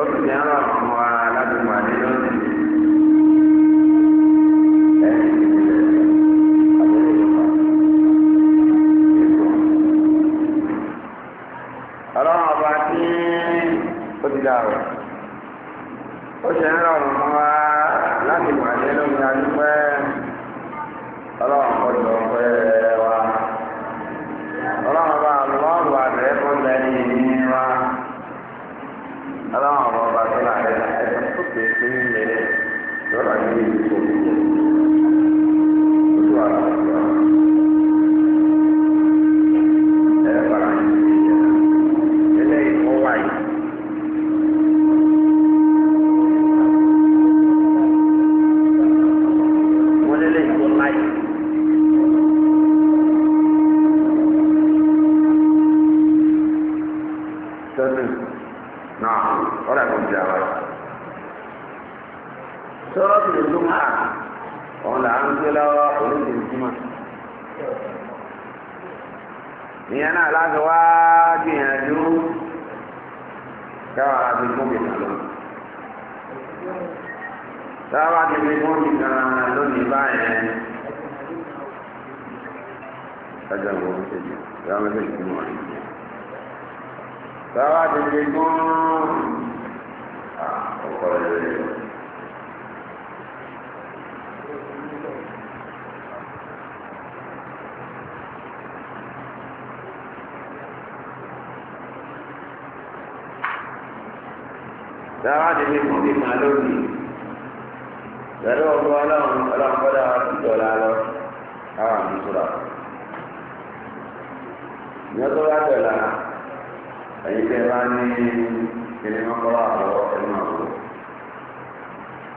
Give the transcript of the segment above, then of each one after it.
Ọdún ìyára ọmọ aládùn màdé lọ́sìn. ìyẹn tó bá tẹ̀ lánà ẹ̀yin tẹ́ bá ní kíni mọ́kọ́lá àlọ́ ẹ̀ma wò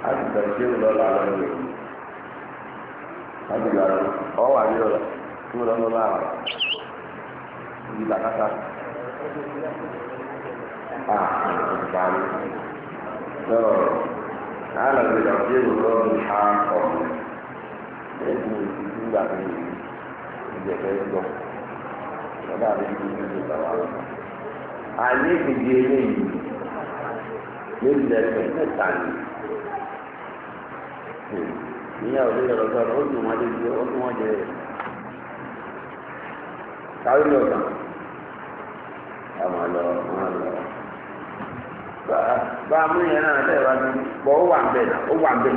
á sì tẹ̀ sí ìlú lọ́la lọ́dún yìí á sì lọ́la ọ̀ wà ní ọ̀la tí mo lọ́mọ́ bá wà ní bàkátà. على الرجل الرجل حاقا يجب أن يكون بعد ذلك ọ̀dà rẹ̀ ti di ìgbà wa. àní ìdí eléyìí lórí ẹgbẹ́ mẹ́ta ni ìyẹn òbí lọ́dọ̀ sọ̀rọ̀ ó dùn wọn lé ju ó dùn wọn jẹ rẹ̀. káwé lọ sàn àwọn lọ wọn lọ. bá a mú yẹn náà tẹ̀ wá sí ó wà ń bẹ̀ ó wà ń bẹ̀.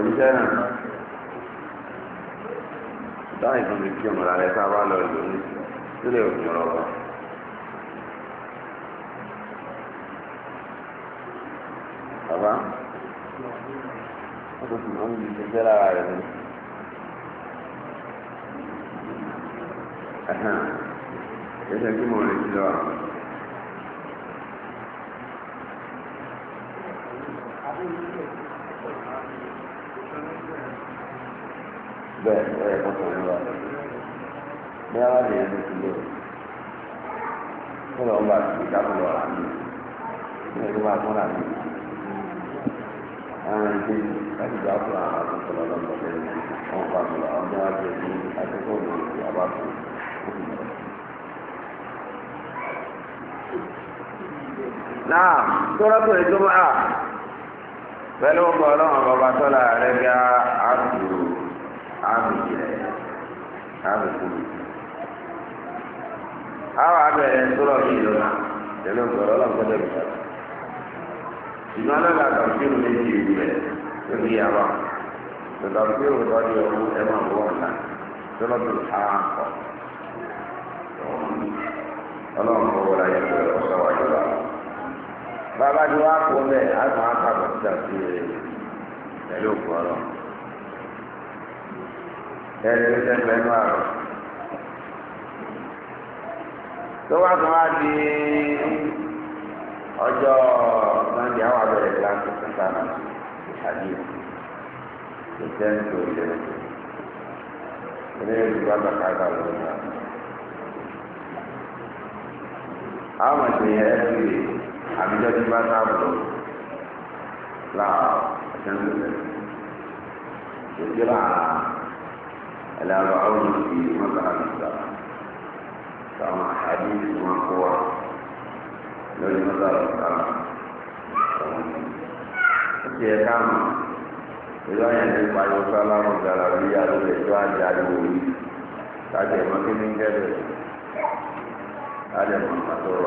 òṣìṣẹ́ náà táyì tó fi kí ọmọ rẹ ká wá lọ lò ní sílẹ̀ òkú rọ̀rọ̀. bàbá ó ti mọ̀ ní ìṣẹ́jẹ́ lára rẹ̀ ni. ẹ̀hẹ́n ẹ̀ṣẹ̀ kí mo retí lọ́rùn. bẹ́ẹ̀ ẹ̀ kọ́kọ́ ní wa bí wọ́n lè ní ìlú kí lọ́ọ́ bá ti dábò lọ́ọ́ rà mí ní ẹ̀rọ bá tún rà mí àwọn ìdí láti gbà fún àwọn àtúntò lọ́dọ̀ lọ́dọ̀ wọn bá tó lọ àwọn bí wọ́n ti ní akẹ́kọ̀ọ́ lórí ti àbá tó ó lọ. náà tọ́lá tó lè máa pẹ̀lú ọgbà ọlọ́run bàbá tọ́lá rẹ̀ bí a á dùn. àmì rẹ̀ àmì kúrò. àwọn abẹ́rẹ́ sọ̀rọ̀ na lọ́la tẹ̀lé ọ̀gọ̀rọ̀ ọlọ́gbọ́dọ̀ mi sọ̀rọ̀. ìgbà náà la kàfíìmù méjì ìlú rẹ̀ lórí yàrá kàfíìmù lọ́dí ọ̀hún ẹ̀ máa bọ̀ ọ̀la sọ̀rọ̀ tó àwọn ha ọlọ́run kọ́ wọlé ayé ìgbẹ̀rẹ̀ ọ̀sán wájú wa. bàbá ti wá kó bẹ́ẹ̀ á ẹni tó tẹ́ pẹ́ àrò. tó wá tún wá di ọjọ́ sunday àwọn abẹ́rẹ́ kíláàsì sẹ́ńtà náà àdìyẹ tó tẹ́ ń tó ilé rẹ̀. ilé rẹ̀ bá bàtà àgbà lọ́wọ́ náà. àwọn ìṣẹ̀yẹ ẹ̀sìn rè àbíjọ́ tí bá sáà bọ̀ láà ẹ̀sìn rẹ̀. ဒီကလာ لا بعون في مطعم الزمان كما حديث من قوة لو لمطعم الزمان Oke, kamu. Itu yang dipakai salam dalam dia dulu itu aja dulu. Tadi makin minggat. Ada yang mengatur.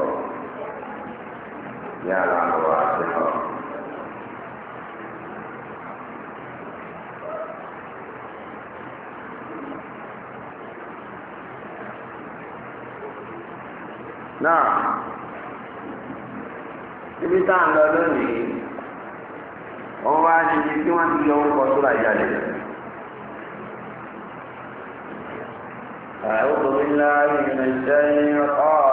náà ibi tá à ń lọ lónìí wọ́n wá níbi tí wọ́n ti yọ orúkọ tó lájà lè. أعوذ بالله من الشيطان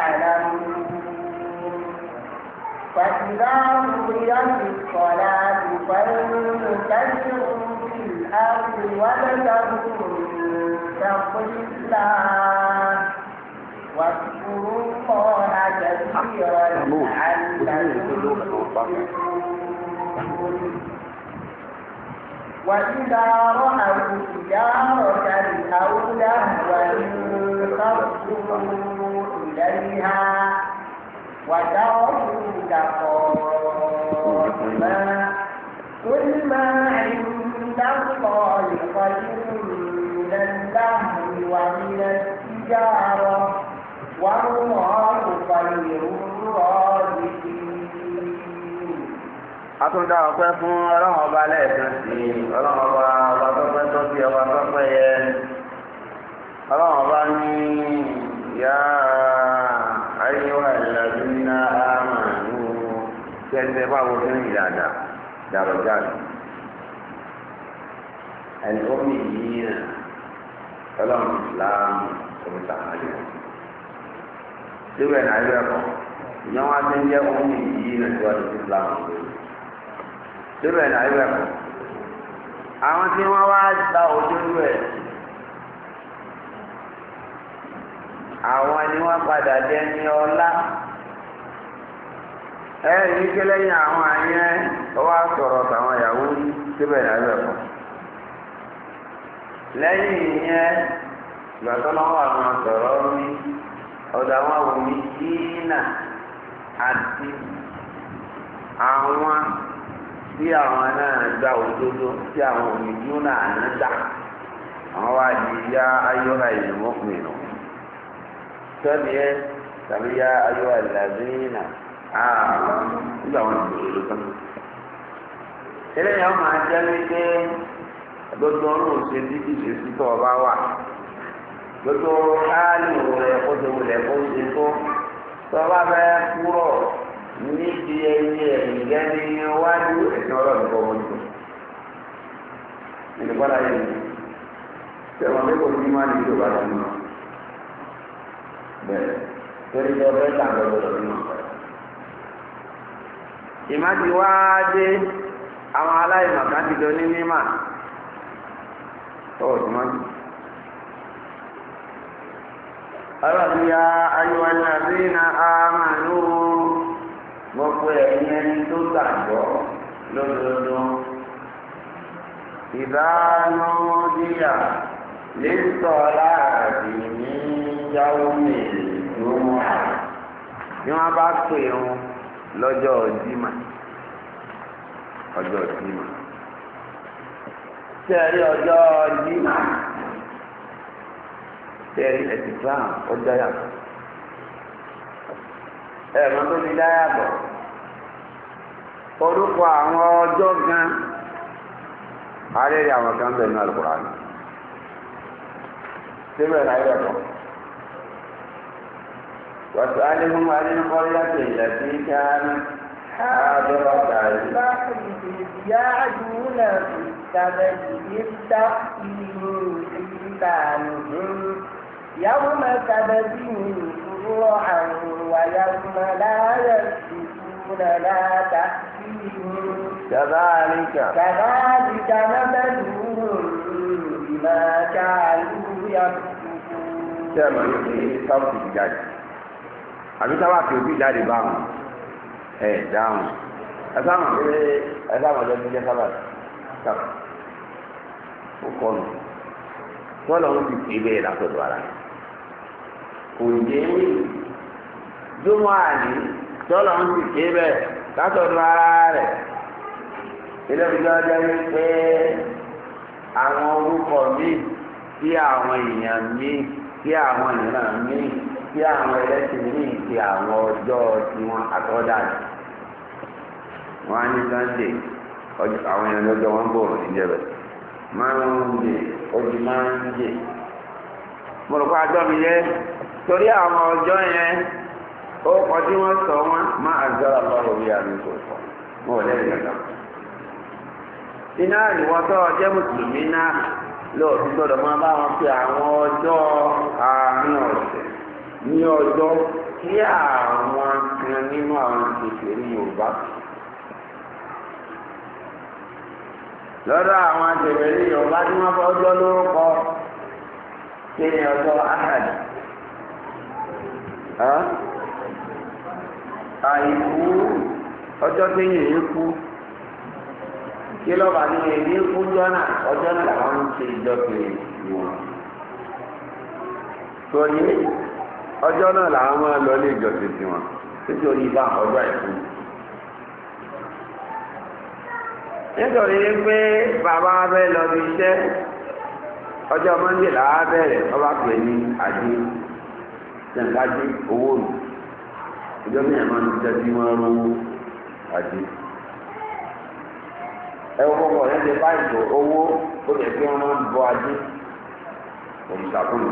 فإذا قضيت الصلاة فانتشروا في الأرض وابتغوا من فضل الله واذكروا الله كثيرا لعلكم تفلحون وإذا رأوا تجارة أو لهوا انفضوا إليها وتركوك قائما قل ما عند الله خير من اللهو ومن التجارة والله خير الرازقين Atúndá ọpẹ́ fún ọlọ́run ọba lẹ́ẹ̀kan sí ọlọ́run ọba ọba tọ́pẹ́ tó fi ọba tọ́pẹ́ yẹ. Ọlọ́run ọba ní ìyá ayé wà lẹ́dún iná àmàlú tí ẹni tẹ́ bá wo kí ní ìdàdà dàrọ̀ jáde ẹni tó mi yìí náà ọlọ́run ìsìláàmù òmìnira àjọ síbẹ̀ náà ẹgbẹ́ ẹ̀kọ́ ìyẹn wá sí ń jẹ́ ohun yìí náà tí wọ́n ti ìsìláàmù lórí síbẹ̀ náà ẹgbẹ́ ẹ̀kọ́ àwọn tí wọ́n wá gba ojúlú ẹ̀ àwọn ni wọ́n padà jẹ́ ní ọlá. ẹ̀yìn ike lẹ́yìn àwọn àyẹn ọwọ́ sọ̀rọ̀ tàwọn ìyàwó síbẹ̀ lábẹ́ fún lẹ́yìn ìyẹn ìgbà tó lọ́wọ́ àwọn sọ̀rọ̀ mi ọ̀dọ̀ àwọn òmí kíínà àti àwọn tí àwọn náà gba òdodo tí àwọn òmí kíínà àná dà àwọn di ya nù ẹ tàbí nígbà wọn ti lòlò tán. eléyà ọmọ wípé gbogbo ọrùn ṣe ṣe sí tó ọba wà gbogbo kó tó wulẹ̀ kó ṣe tọ́ba bẹ níbi ẹyẹ ẹ̀sìn ọlọ́run kọ́ wọn jù. yẹn kò ní ní ìjọba tó ń lọ. torí ìmájì wá dé àwọn aláìmọ̀ kan ti dọ́ní mímà ọ̀ ìmájì. ọlọ́run ya ayọ̀wájà sí iná àmàlú gbogbo ẹ̀yìn ẹni tó gbàgbọ́ lódodo. ìdáná díyà lè sọ láàbì ní yàwó mi lómọ́. bí wọ́n bá pè wọn. lọ́jọ́ jimá ọjọ́ jimá tẹ̀rí ọjọ́ jimá tẹ̀rí ẹ̀sìnkláà ọjọ́ yàtọ̀ ẹ̀rọ tó fi dáyàtọ̀ orúkọ àwọn ọjọ́ gan àárẹ̀ àwọn kan bẹ̀ ní alukura ni síbẹ̀ láyé ẹ̀kọ́. واسألهم عن القرية التي كانت حاضرة البحر يعدون في السبت يستحيون حيتانهم يوم سبتهم شروعا ويوم لا يسبتون لا تأتيهم كذلك كذلك نبلوهم بما كانوا يكسبون كما يقول صوت الجاج àbí táwa kì í bí jáde bá wọn ẹ dáhùn ẹsáàmà pé ẹsáàmà ọjọ́ tó jẹ́ sábà sábà ó kọ́ nù tọ́lọ̀ ń fi pè bẹ́ẹ̀ látọ̀dọ̀ ara kò yé mi dúnmọ́ àní tọ́lọ̀ ń fi pè bẹ́ẹ̀ látọ̀dọ̀ ara rẹ̀ ilé jẹ́ wípé àwọn orúkọ míì sí àwọn èèyàn míì sí àwọn ìran míì. tí àwọn ẹlẹ́sìn ní ìpè àwọn ọjọ́ tiwọn àtọ́dà wọn á ní sunday àwọn èèyàn lọ́jọ́ wọn bò rò níjẹ̀bẹ̀ márùndé ojú márùndé mo rò pé àjọ mi yẹ torí àwọn ọjọ́ yẹn ó kọ tí wọ́n sọ wọn má àjọra lọ́rọ̀ bí àmì kò sọ mo ò lẹ́yìn kankan. iná ìwọ́tọ́ ọjọ́ mùsùlùmí náà lóòótọ́ gbọ́dọ̀ ma bá wọn fi àwọn ọjọ́ àárín ọ̀sẹ̀. ní ọjọ́ tí àwọn kan nínú àwọn ní yorùbá lọ́dọ̀ àwọn ní yorùbá tí wọ́n fọ́ ọjọ́ lórúkọ kí ni ọjọ́ ahad àìkú ọjọ́ tí yìí kú kí lọ́ba ní èyí kú jọ́nà ọjọ́ náà làwọn ń ṣe ìjọ pé ìwọ̀n. ọjọ́ náà làwọn máa lọ ilé ìjọsìn sí wọn nítorí bá ọjọ́ àìkú. nítorí pé bàbá abẹ́ lọ bí iṣẹ́ ọjọ́ mọ́ndé làá bẹ̀rẹ̀ ọba pè ní àdé ṣẹ̀ǹkájí owó nù ìjọ mìíràn máa ń jẹ́ bí wọ́n rówó àdé ẹwọ kọkọ yẹn ti báyìí tó owó ó lè fi wọn máa ń bọ ajé òrìṣà fún mi.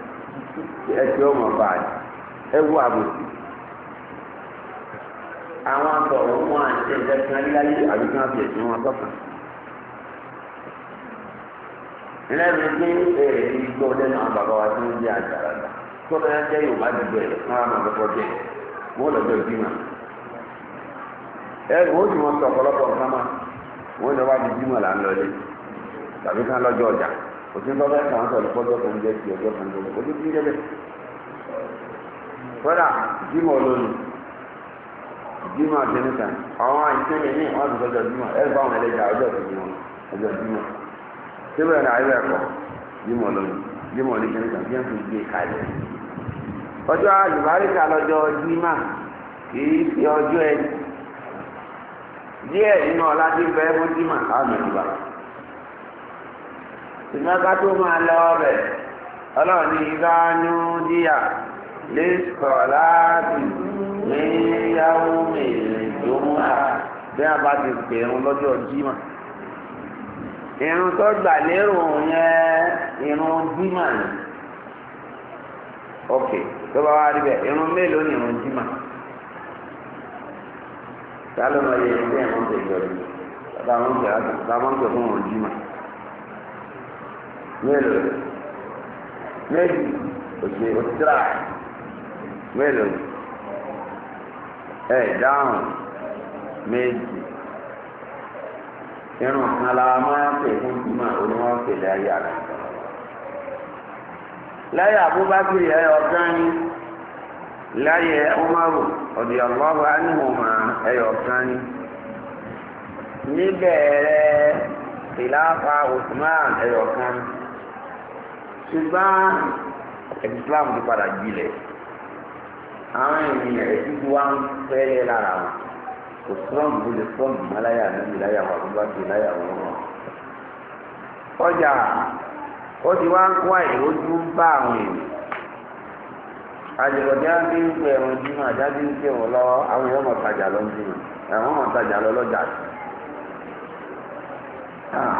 ẹtì ọmọ báyìí ẹwú àbòsí àwọn àtọ̀rọ̀ wọn àti ẹ̀jẹ̀ kan láyé àbí kan fi wọn sọ́kàn. lẹ́nu pé ẹ̀rẹ̀ ti gbọ́ lẹ́nu àwọn wa tó ń jẹ́ àjàràdà tó bẹ́ẹ̀ jẹ́ yorùbá dìbò ẹ̀ fún àwọn àgbẹ̀kọ̀ jẹ́ lọ́jọ́ ìbímọ. ẹ wọ́n ti wọn sọ ọ̀pọ̀lọpọ̀ nǹkan mọ́ wọ́n lọ́wọ́ àbí là ń tàbí lọ́jọ́ ọjà. òtún bá bẹ́ẹ̀ kàn sọ̀rọ̀ kọjọ́ kan jẹ́ ti ọjọ́ kan lónìí ojú kí lébẹ̀ kódà jímọ̀ lónìí jímọ̀ àtẹnìkà àwọn àìsẹ́yẹ ní wọ́n ti sọjọ́ jímọ̀ ẹ bá wọn ẹlẹ́jà ọjọ́ kìíní wọn ọjọ́ jímọ̀ síbẹ̀ náà ayé ẹ̀kọ́ jímọ̀ lónìí jímọ̀ ní kẹ́míkà bí wọ́n fi gbé kalẹ̀ ọjọ́ àlùbáríkà lọ́jọ́ jímọ̀ kìí fi ọjọ́ ẹ díẹ̀ nínú ọ̀lá tí bẹ́ẹ̀ fún jímọ̀ ṣùgbọ́n ká tó máa lọ ọbẹ̀ ọlọ́run ní ìdánú díyà lè sọ̀ láti ní yàwó mèrè tó mú à bí a bá ti pè ń lọ́jọ́ jímà irun tó gbà lérò yẹn irun jímà ni ok tó bá wá rí bẹ́ẹ̀ irun mélòó ni irun jímà sálọ́mọ yẹn ní ẹ̀rọ ń tẹ̀jọ́ rí bàbá wọn ń fún irun jímà. mélòó méjì òsè òsìrà mélòó ẹ ma méjì irun kan la máa ń pè fún jùmọ̀ oníwọ̀n pèlè ayé àná. láyé abúbákiri ẹ ọ̀gá yín láyé ṣùgbọ́n ẹ̀sìn Islam ti padà gbilẹ̀ àwọn ènìyàn ẹ̀sìn tí wọ́n ń lára wọn kò strong bó lè strong mọ́ láyà níbi láyà wà lọ́wọ́ àti láyà wọ́n wọn. ọjà ó ti wá ń kó bá àwọn èèyàn àjẹ̀bọ̀dé àjáde ń àwọn èèyàn mọ̀ tajà lọ mọ̀ tajà ah,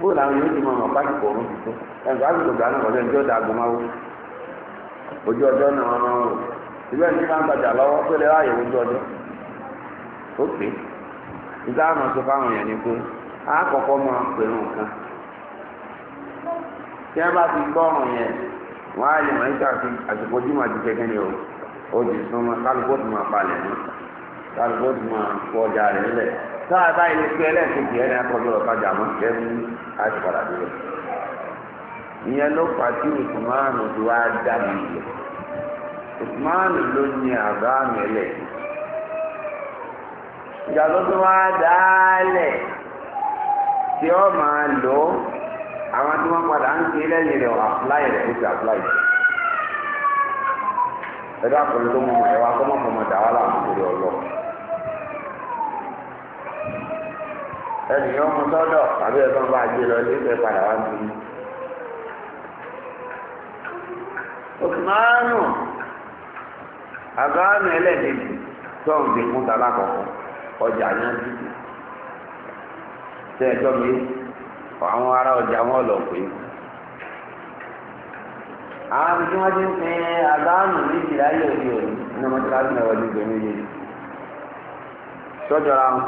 bóòlù àwọn yóò ti mọ ọmọ pásítọ̀ ọ̀run ti tó ẹ̀ka àgùntàn gbà náà ọ̀sẹ̀ ìjọ́ da àgùn ojú ọjọ́ náà wọn máa wò ìgbà tí wọn gbajà lọ́wọ́ ojú ọjọ́ ó pè é ìgbà fáwọn èèyàn ni pé a kọ́kọ́ máa pẹ̀lú nǹkan tí wọn bá ti tá a bá ilé pé ẹlẹ́ẹ̀kejì ẹni akọjú ọ̀tajà mọ́ sẹ́mu àti padà dúró ìyẹn ló fà tí Usmanu tó wá dá mi yẹ Usmanu ló ní àgbá mi lẹ̀ ìjà tó tó wá dá lẹ̀ tí ó máa lò ó àwọn tí wọ́n padà ń ṣe lẹ́yìn rẹ̀ àpláì rẹ̀ ó ti àpláì rẹ̀ ẹ̀dá àpòlù tó mọ̀ ẹ̀ wá kọ́mọ̀kọ́mọ̀ dà wà láàmú lórí ọlọ́run. ẹnìyàn mú sọ́dọ̀ tàbí ẹ̀fọn bá gbé lọ ilé ìfẹ́ padà wá bí. òkùnmárù àgbáàmì ẹlẹ́dẹ̀ẹ́dì tó ń dín fún tàbá kọ̀ọ̀kan ọjà yẹn dídì tẹ́ ẹjọ́ mi àwọn ará ọjà wọn lọ pé àwọn tí wọ́n ti ń pin àgbáàmì méjìlá yóò di òní ní ọmọdé láti náà wọlé ìgbẹ́ méjèèjì sọ́jọ́ra wọn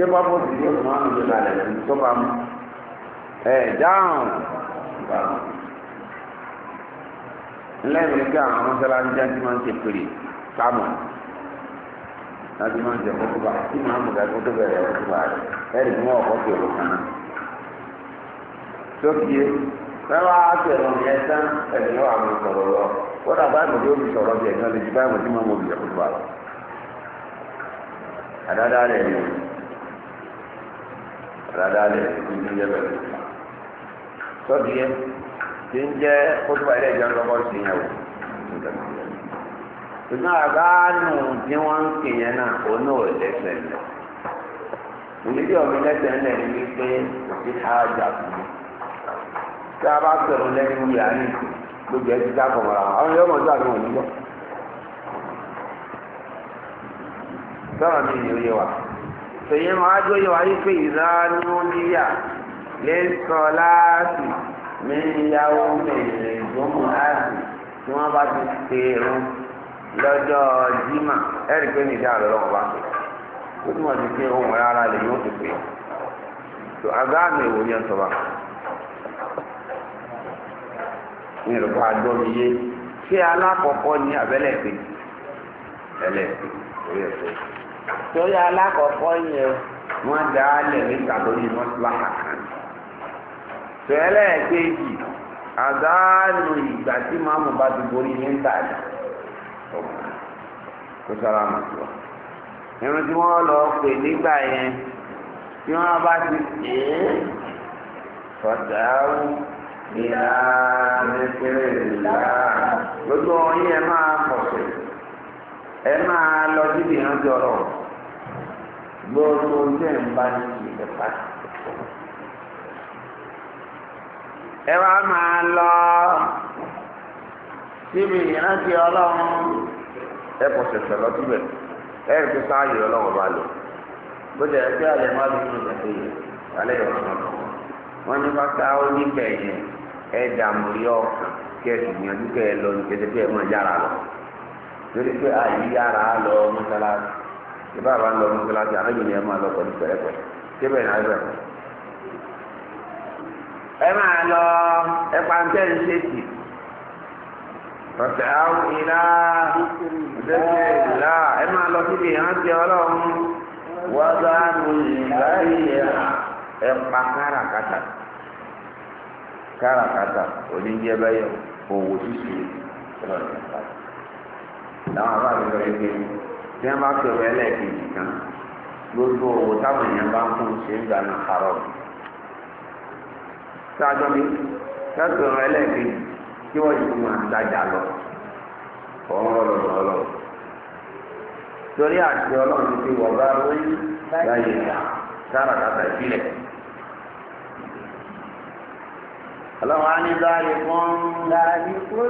ṣé bọ́bú sì ní òkú máa ń lò lálẹ́ lẹ́nu tó bá mú ẹ dáhùn lẹ́yìn nígbà àwọn mọ́sálásí jáde máa ń ṣe pèrè sámọ̀ láti máa ń jẹ kókó bá tí màá mú gàgbó tó bẹ̀rẹ̀ ọ̀tún bá rẹ̀ ẹ̀rì mú ọ̀kọ́ tó èrò kan náà sókè rẹwà àti ẹ̀rọ yẹn tán ẹ̀rì yóò àwọn sọ̀rọ̀ lọ kódà báyìí tó fi sọ̀rọ̀ bí ẹ̀gbọ́n lè ju báyìí tí màá mú ọ̀bì ẹ̀kọ́ tó bá lọ. àdáadáa rẹ̀ ni àtàdálẹ̀ ìdí jẹ́ bẹ̀rẹ̀ sọ́ọ̀dì yẹn tí ń jẹ́ kótópà ilé ìjọ lọ́kọ́ sí yẹn o ṣùgbọ́n àbáànù tí wọ́n ń kì yẹn náà ó náà lẹ́sẹ̀ lọ ìdílé ọ̀mí lẹ́sẹ̀ ńlẹ̀ ni wípé kò sí hájà fún mi tí a bá sọ̀rọ̀ lẹ́yìn wíyà ní gbogbo ẹ̀ ti dá kọ̀ọ̀mọ́ra àwọn yóò mọ̀ sí àdúgbò nígbà sọ̀rọ̀ mi ìyẹn yé wa tòye máa jó yọ wáyé pé ìdánú níyà lè sọ láàásì mílíọ̀nù mẹ́rin ìgbóhùn láàásì tí wọ́n bá ti pè é lọ́jọ́ jimá ẹ̀rí pé nìjà lọ́wọ́ bá pè ó túmọ̀ sí pé ohun rárá lè yóò ti pè é tó agáàmì ìwò ni ọ̀tọ̀ bá ní ìrùkọ́ àjọ mi yé ṣé alákọ̀ọ́kọ́ ní abẹ́lẹ̀ pé ẹlẹ́ẹ̀kejì orí ẹ̀kọ́ torí alákọ̀ọ́kọ́ yẹn wọ́n dá a lẹ̀ nígbà tó ní mọ́síláhà kan tẹ́lẹ̀ kejì àdánù ìgbà tí màmú bá ti borí ní ntàdí kó sára mọ̀ tó irun tí wọ́n lọ pè nígbà yẹn tí wọ́n bá ti pè é fọ̀dáwù ìlànà ìpínlẹ̀ ìlà gbogbo ọ̀yin ẹ̀ máa kọ̀ọ̀sẹ̀. ẹ máa lọ síbi ìrántí gbogbo tẹ̀ ń bá ní ilẹ̀ pàṣẹ. ẹ wá máa lọ síbi ìrántí ọlọ́run ẹ kò ṣẹ̀ṣẹ̀ lọ síbẹ̀ ẹ rí pé sáàyè ọlọ́run bá lò bó pé ní pátá yẹn ẹ dààmú yọ ọkàn kí ẹ ẹ lọ ní pé ẹ máa yára lọ. torí pé àyè yára lọ mọ́sálásí ìbá àbá lọ mọ́sálásí àlejò ni ẹ máa lọ pẹ̀lú pẹ̀lẹ́pẹ̀lẹ́ síbẹ̀ náà bẹ̀rẹ̀ ẹ máa lọ ẹ̀pà ń tẹ̀ ń ṣèkì ọ̀sẹ̀ àwọn ìlà ìdẹ́sẹ̀ ìlà ẹ máa lọ síbi ìrántí ọlọ́run wọ́dà nùyìnláyè ẹ̀pà káràkátà káràkátà oníjẹ́ báyọ̀ owó ṣíṣe ìrọ̀lẹ́ làwọn àbá mi lọ yẹ tí wọ́n bá pè wọ́n ẹlẹ́ẹ̀kejì kan gbogbo owó táwọn èèyàn bá ń fún ṣe ń gbà náà àárọ̀ sáájọ́ mi tẹ́sí ọ̀rọ̀ ẹlẹ́ẹ̀kejì kí wọ́n yìí máa dájà lọ ọ̀hún torí àti ọlọ́run ti wọ̀ bá wọ́n báyìí sára kàtà ìpínlẹ̀. ọlọ́run á ní báyìí fún. ń àwọn ọmọ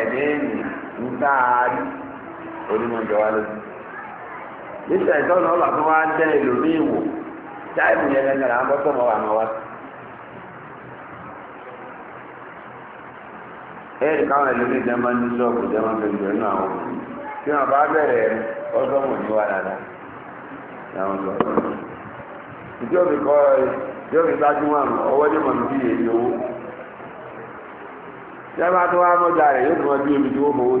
ẹ̀dẹ́ ń onímọ̀ wá táìmù yẹn na rà á bọ́ pọ̀ mọ́ wà máa wá sí. ẹ̀rì káwọn ẹlòmí ìjọba ní sọ́ọ̀bù ìjọba gbẹ̀gbẹ̀ nínú àwọn òbí tí wọn bá bẹ̀rẹ̀ ọgọ́mù ní wa dáadáa làwọn sọ. ìjọba kọ́ ìjọba ìgbájú wọn ọwọ́ ní mọ̀ níbi èyí owó. ìjọba tó wá mọ́jà rẹ̀ yóò tún wọn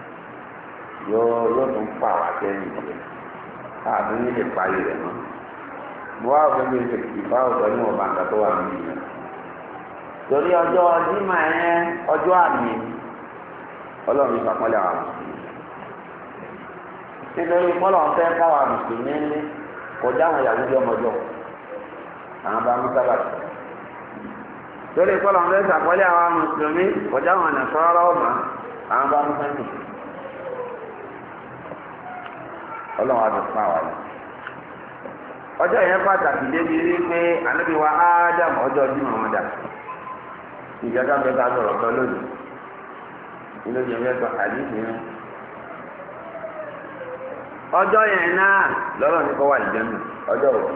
yóò yóò tún fà wá sẹ́yìn ìṣe káàdùn ní lè parí rẹ̀ mọ́ mo wá òfin mi ṣe ọ òfin ní ọba nǹkan tó wà nínú yẹn torí ọjọ́ ọdínmà yẹn ọjọ́ àmì ọlọ́run ìfàpọ́lẹ̀ àwọn mùsùlùmí nítorí pọ́lọ̀ ń fẹ́ káwọn mùsùlùmí ní àwọn bá mú sábà tó àwọn mùsùlùmí àwọn bá mú sábà tó. ọlọ́run àti yìí ọjọ́ yẹn pàtàkì débi wípé ànábi wa ádámù ọjọ́ ọdún dà bẹ ká sọ̀rọ̀ kan lónìí yẹn sọ àdìsí yẹn ọjọ́ yẹn náà lọ́rọ̀ ní kọ́ wà lìjẹ́nu ọjọ́ wọ̀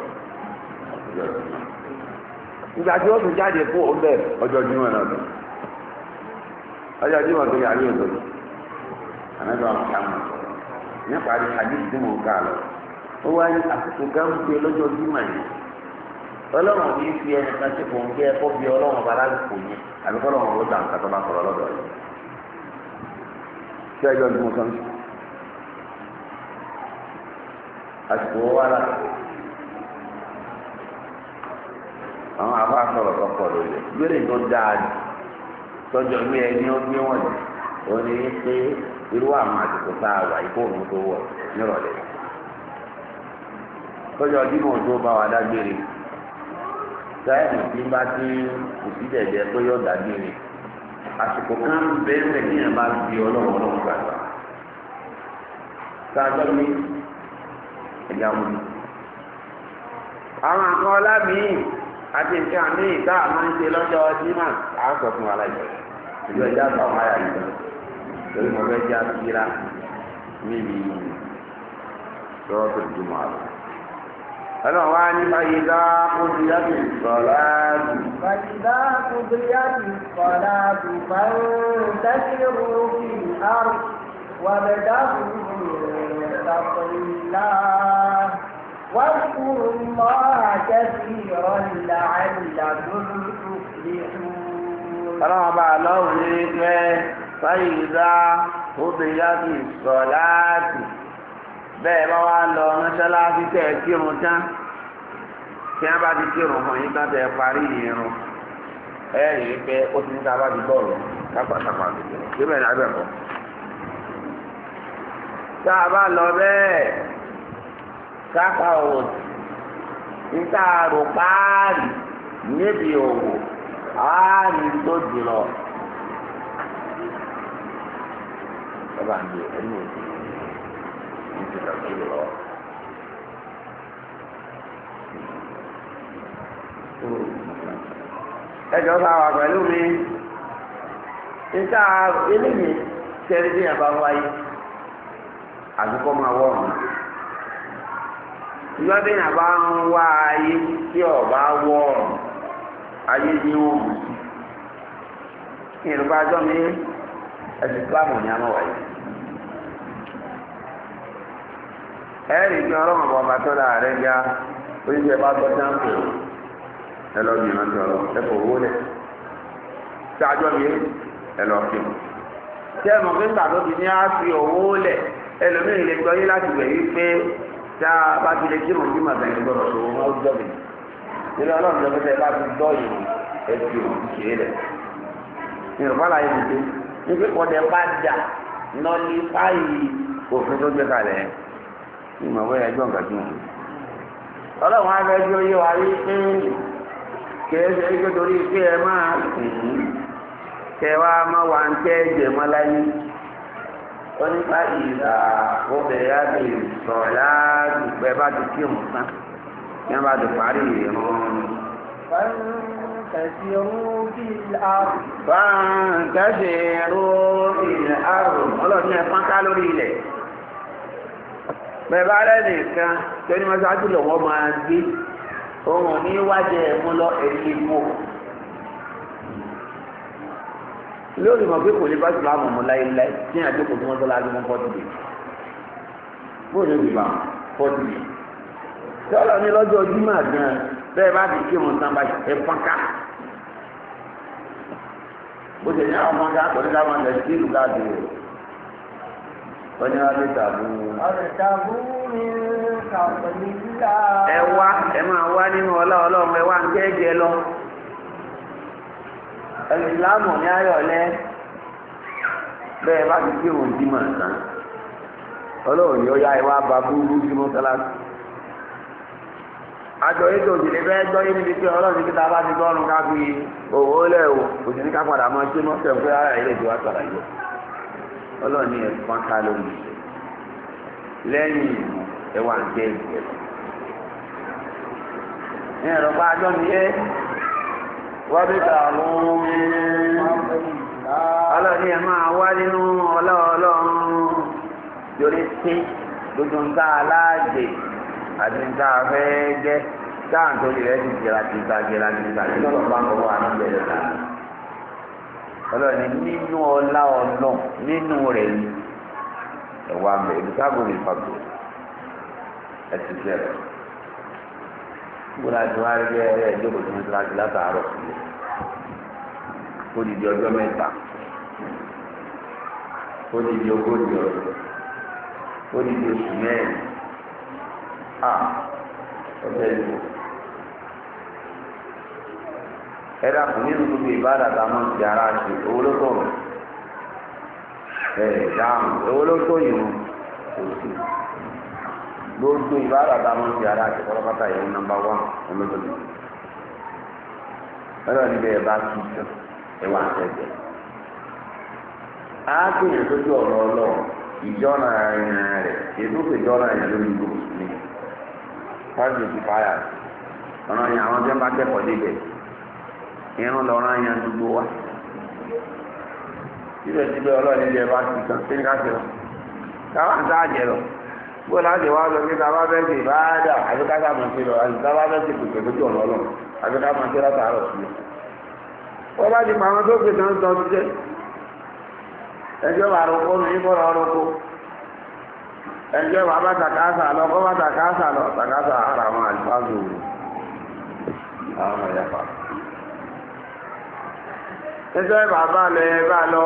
ìgbà tí ó tún jáde fún òun bẹ́ẹ̀ ọjọ́ náà nípa àti hadith tí mo ń kà lọ ó wá ní àsìkò gáńgbé lọ́jọ́ júmọ̀ yìí ọlọ́run yìí fi ẹni kan ṣe kò ń gbé ẹkọ́ bí ọlọ́run ọba lálùkò yẹn àbí kọ́ lọ́run ló dàǹkà tó bá sọ̀rọ̀ lọ́dọ̀ yìí ṣé ẹjọ́ ni mo sọ ní. àsìkò wọ́n wá àwọn àbá sọ̀rọ̀ kọ̀kọ̀ lórí rẹ̀ gbére tó dáa tọ́jọ́ gbé ẹni ó gbé wọ̀nyí ó ní pé irú àwọn àsìkò tá a wà ikú tó wọ̀ nírọ̀lẹ́ tọ́jọ́ dímọ̀ tó bá wa dágbére táìmù tí bá ti kù sí dẹ̀dẹ̀ tó yọ̀ dágbére àsìkò kan bẹ́ẹ̀ ní ẹ̀ bá di ọlọ́run ni àwọn àkọ́ ọlámìí àti nǹkan àmì ìta àmọ́ ń ṣe lọ́jọ́ ọdún náà fún torí mo fẹ́ já síra níbi sọ́rọ́ tó dùn mọ́ àlọ́. Ọlọ́run wá ní fàyídá kúndìyàtì sọ̀láàdù. Fàyídá kúndìyàtì sọ̀láàdù fàyín tẹ́sírù fi àrùn wàbẹ̀dáàbù ìrẹ̀lẹ́sàkọ̀lá. واذكروا الله كثيرا لعلكم تفلحون. Ọlọ́run bá a lọ́wọ́ ní pẹ́ fàyídá òbíyájú ìsọ̀láàtì bẹ́ẹ̀ bá wá lọ mọ́ṣáláṣí tẹ̀ kírun tán tí wọ́n bá ti kírun hàn yín tán tẹ̀ parí ìrun ẹ rí i pé ó ti ní ká bá ti bọ̀rọ̀ kápákápá lè jẹ́ síbẹ̀ ní abẹ́kọ̀. tá a bá lọ bẹ́ẹ̀ kápá òwò níta àrò páàrì níbi òwò àárín tó jùlọ. bàbá hmm. eh, mi ẹni ò ti ní ti kàkí lọ. ẹjọ́ bá wà pẹ̀lú mi níta eléyìí tẹ́lẹ̀ bí yẹn bá wáyé àdúgbò máa wọ̀ ọ́n ìgbà ni ẹ̀sìn islamu ni a máa wáyé ẹ̀rì kí ọlọ́run bọ̀ọ̀bà tó dáa rẹ̀ já oníṣẹ́ bá tọ́ dáńpù ẹ lọ bí ìrántí ọlọ́ ẹ kò wó lẹ̀ ṣáájọ́ mi ẹ lọ fi mu tí ẹ mọ̀ pé nígbà tó ti ní á fi owó lẹ̀ ẹlòmíì lè gbọ́ yín láti gbẹ̀ yín pé tá a bá ti lè kírun bí màtá yín gbọ́dọ̀ tó wọ́n gbọ́ mi nílẹ̀ ọlọ́run lọ́pẹ́ tẹ́ bá ti gbọ́ yìí ẹ fi òun ṣe é lẹ̀ ní ìrọ̀bá láyé dé. níbi kọ́dẹ̀ bá dà lọ́lí fáyì òfin tó gbé kalẹ̀ ní ìmọ̀ bóyá ẹjọ́ nǹkan tó ń wù. ọlọ́run á yé wa rí pé kìí ṣe é torí pé ẹ máa sìn kẹ wá má wà ń tẹ́ ẹ̀jẹ̀ mọ́ láyé. ó ní á lè sọ̀ bá ti tán bá ti parí فانتشروا في في الأرض ọlọ́run ní ẹ̀fọn ká lórí ilẹ̀ bẹ́ẹ̀ bá rẹ̀ nìkan tí ó ní mọ́sáájú lọ́wọ́ máa gbé ohun ní wájẹ ẹ̀mú lọ ẹ̀yìn ìmú lórí mọ̀ pé kò lè bá sùn láàmú mọ́ láéláé tí àjọ kò tún wọ́n sọ láàrin mọ́ fọ́tì dè ní bẹ́ẹ̀ bá ti kí wọn tán báyìí ẹ fọ́nká bó ṣe ní àwọn fọ́nká kò ní ká máa tẹ̀sí ìlú káàdì rẹ̀ wọ́n ní wọ́n ti tàbú. ọ̀rẹ́ tàbú mi kàwé nígbà. ẹ wá ẹ máa wá nínú ọlá ọlọ́run ẹ wá ń kẹ́ẹ̀jẹ lọ. ẹ̀sìlámù ní ayọ̀lẹ́ bẹ́ẹ̀ bá ti kí wọn jí màá tán ọlọ́run ni yá ẹ wá ba búrú sí àjọ yìí tó jìnnì bẹ́ẹ̀ gbọ́ yìí níbi pé ọlọ́run ti ta bá ti gbọ́rùn ká fi owó lẹ̀ o kò sí ní ká padà mọ́ ṣé mọ́tẹ̀ ń pé ara ilé ti wá sọ̀rọ̀ yìí ọlọ́run ní ẹ̀fọn ká ló lẹ́yìn ẹwà ń jẹ́ ìgbẹ́ ní ẹ̀rọ bá àjọ mi yé wọ́n bí kà mú ọlọ́run ẹ̀ máa wá nínú ọlọ́run lórí sí gbogbo nǹkan aláàjẹ àti nǹkan afẹ́ jẹ́ táàǹtó rẹ̀ ti jìra kìta jìra kìta tí lọ́lọ́ bá ń bọ̀ wá níbẹ̀ lọ́la. ọlọ́ni nínú ọlá ọlọ́ nínú rẹ̀ ni ẹ̀wà mẹ́ ìdúkàgò mi fàgbọ́ ẹ̀ ti jẹ́ rẹ̀. gbọ́dọ̀ àti wá rí ẹ̀rẹ́ ìjókòó tó ń tẹ́lá sí látàárọ̀ sílẹ̀ kó di di ọjọ́ mẹ́ta kó di di ogójì ọ̀rọ̀ kó di di oṣù mẹ́rin. a ọjọ́ ìlú ẹ gbogbo ìbára táwọn ti ara ṣe owó ló dáhùn owó ìrùn gbogbo ìbára ti ara ṣe pátápátá ìrùn nọ́mbà wán ọlọ́dọ̀dọ̀ ọlọ́dọ̀ níbẹ̀ ẹ kí jọ tó ọ̀rọ̀ rẹ̀ ètò lórí gbogbo five minutes fire ọ̀ràn yẹn àwọn tí wọ́n bá kẹ́kọ̀ọ́ débẹ̀ irun lọ́ràn yẹn gbogbo wa síbẹ̀síbẹ̀ ọlọ́ọ̀ni ilẹ̀ bá ti kàn sí ní lọ káwá ń sá lọ bó láti wá lọ kí káwá fẹ́ ṣe bá dà àbí ká sáà lọ fẹ́ ṣe pèsè lójú ọ̀nà wọ́n bá ti pa àwọn tó sọ ẹjọ́ bá yín ẹjọ́ ìwà bá tàkásà lọ kọ́ bá tàkásà lọ tàkásà ara àwọn àlùfáàzù àwọn ẹ̀yàfà ẹjọ́ ìwà bá lọ ẹ bá lọ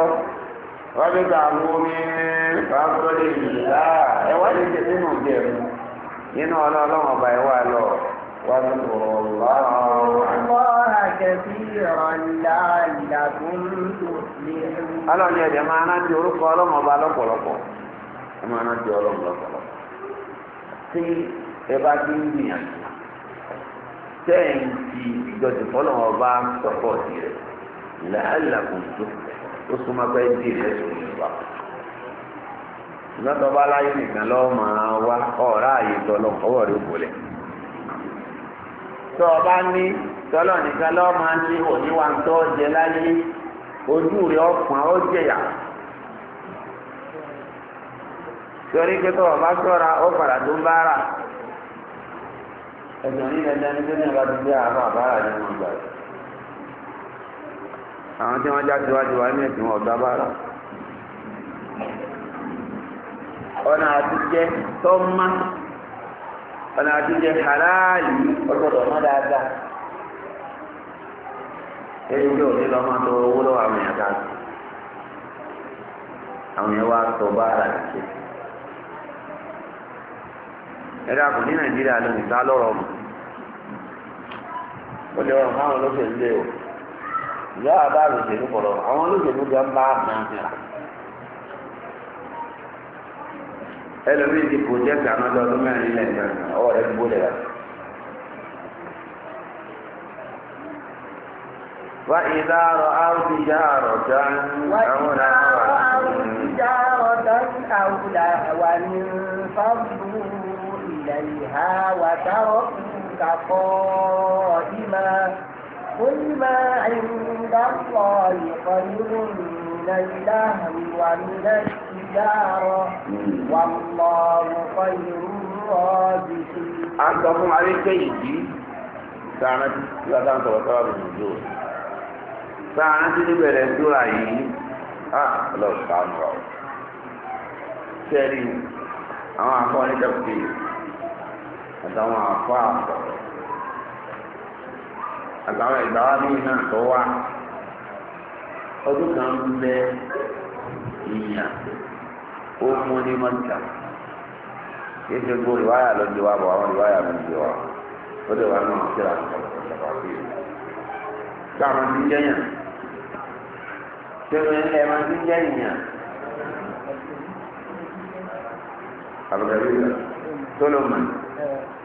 wọ́n bí ká mú mi fàákọ́ lè yìí á ẹwà lè ṣe nínú ìjẹ̀rù nínú ọlọ́run ọba ẹwà lọ wọ́n bí kò lọ́wọ́ ọlọ́run ẹ̀jẹ̀ máa rántí orúkọ ọlọ́run ọba lọ́pọ̀lọpọ̀ ẹ máa ná di ọlọ́run lọ́pọ̀lọpọ̀ tí ẹ bá ti ń gbìyànjú tẹ́ ẹ̀ ń fi ìjọsìn fọlọ́wọ́ bá sọ́pọ̀tì rẹ̀ làálàá kò tó ó súnmọ́ pé dì rẹ̀ sọ̀rọ̀ ìwà lọ́tọ̀ bá láyé nìkan lọ́wọ́ máa wá ọ̀rá àyè tọ́lọ́ ọwọ́ rẹ̀ bọ̀lẹ̀ tọ́ ọ bá ní tọ́lọ́ nìkan lọ́wọ́ máa ní òníwàntọ́ jẹ láyé ojú rẹ̀ ọ̀pọ̀n ó jẹ̀yà. torí pé tó ọba sọ́ra ó padà tó ń bára ẹ̀sùn ní dandan ní ọba ti gbé àwọn àbára ní wọn gbà àwọn tí wọ́n já síwájú wa ní bára ọ̀nà tọ́mà ọ̀nà má dáadáa ẹni tí òní lọ́mọ tó àwọn èèyàn àwọn èèyàn wá ẹ̀rọ ní nàìjíríà lónìí ta lọ́rọ̀ ọmọ ó lè rọrùn fáwọn olóṣèlú lé o ìyá àbá olóṣèlú pọ̀lọ́ àwọn olóṣèlú gan bá àbáńtìrà ẹlòmíì ti pòjẹ́tì ànádọ́ ọdún mẹ́rin ọwọ́ lẹ́yà. àwọn àwọn àwọn àwọn إليها وتركك قائما قل ما عند الله خير من اللهو ومن التجارة والله خير الرازقين. أنتم عليك يجي sáàrántí tí wọ́n dáhùn sọ̀rọ̀ sọ́wọ́ lòdì yóò sáàrántí ní bẹ̀rẹ̀ dúrà yìí á lọ sàánù ọ̀ sẹ́rí àwọn akọ́ni kẹ́kọ̀ọ́ àtàwọn àfọ àpọ̀ àtàwọn ìgbàwá bíi náà tó wá ọdún kan ń bẹ ìyàn ó mú ní mọ́tà yìí ṣe gbó ìwáyà ló di wa bọ̀ àwọn ìwáyà ló di wa ó lè wá náà kíra ṣàkàfì káàmù ti jẹyàn tẹnu ẹ máa ti jẹyàn àbùkàbí tó ló mọ̀ ní.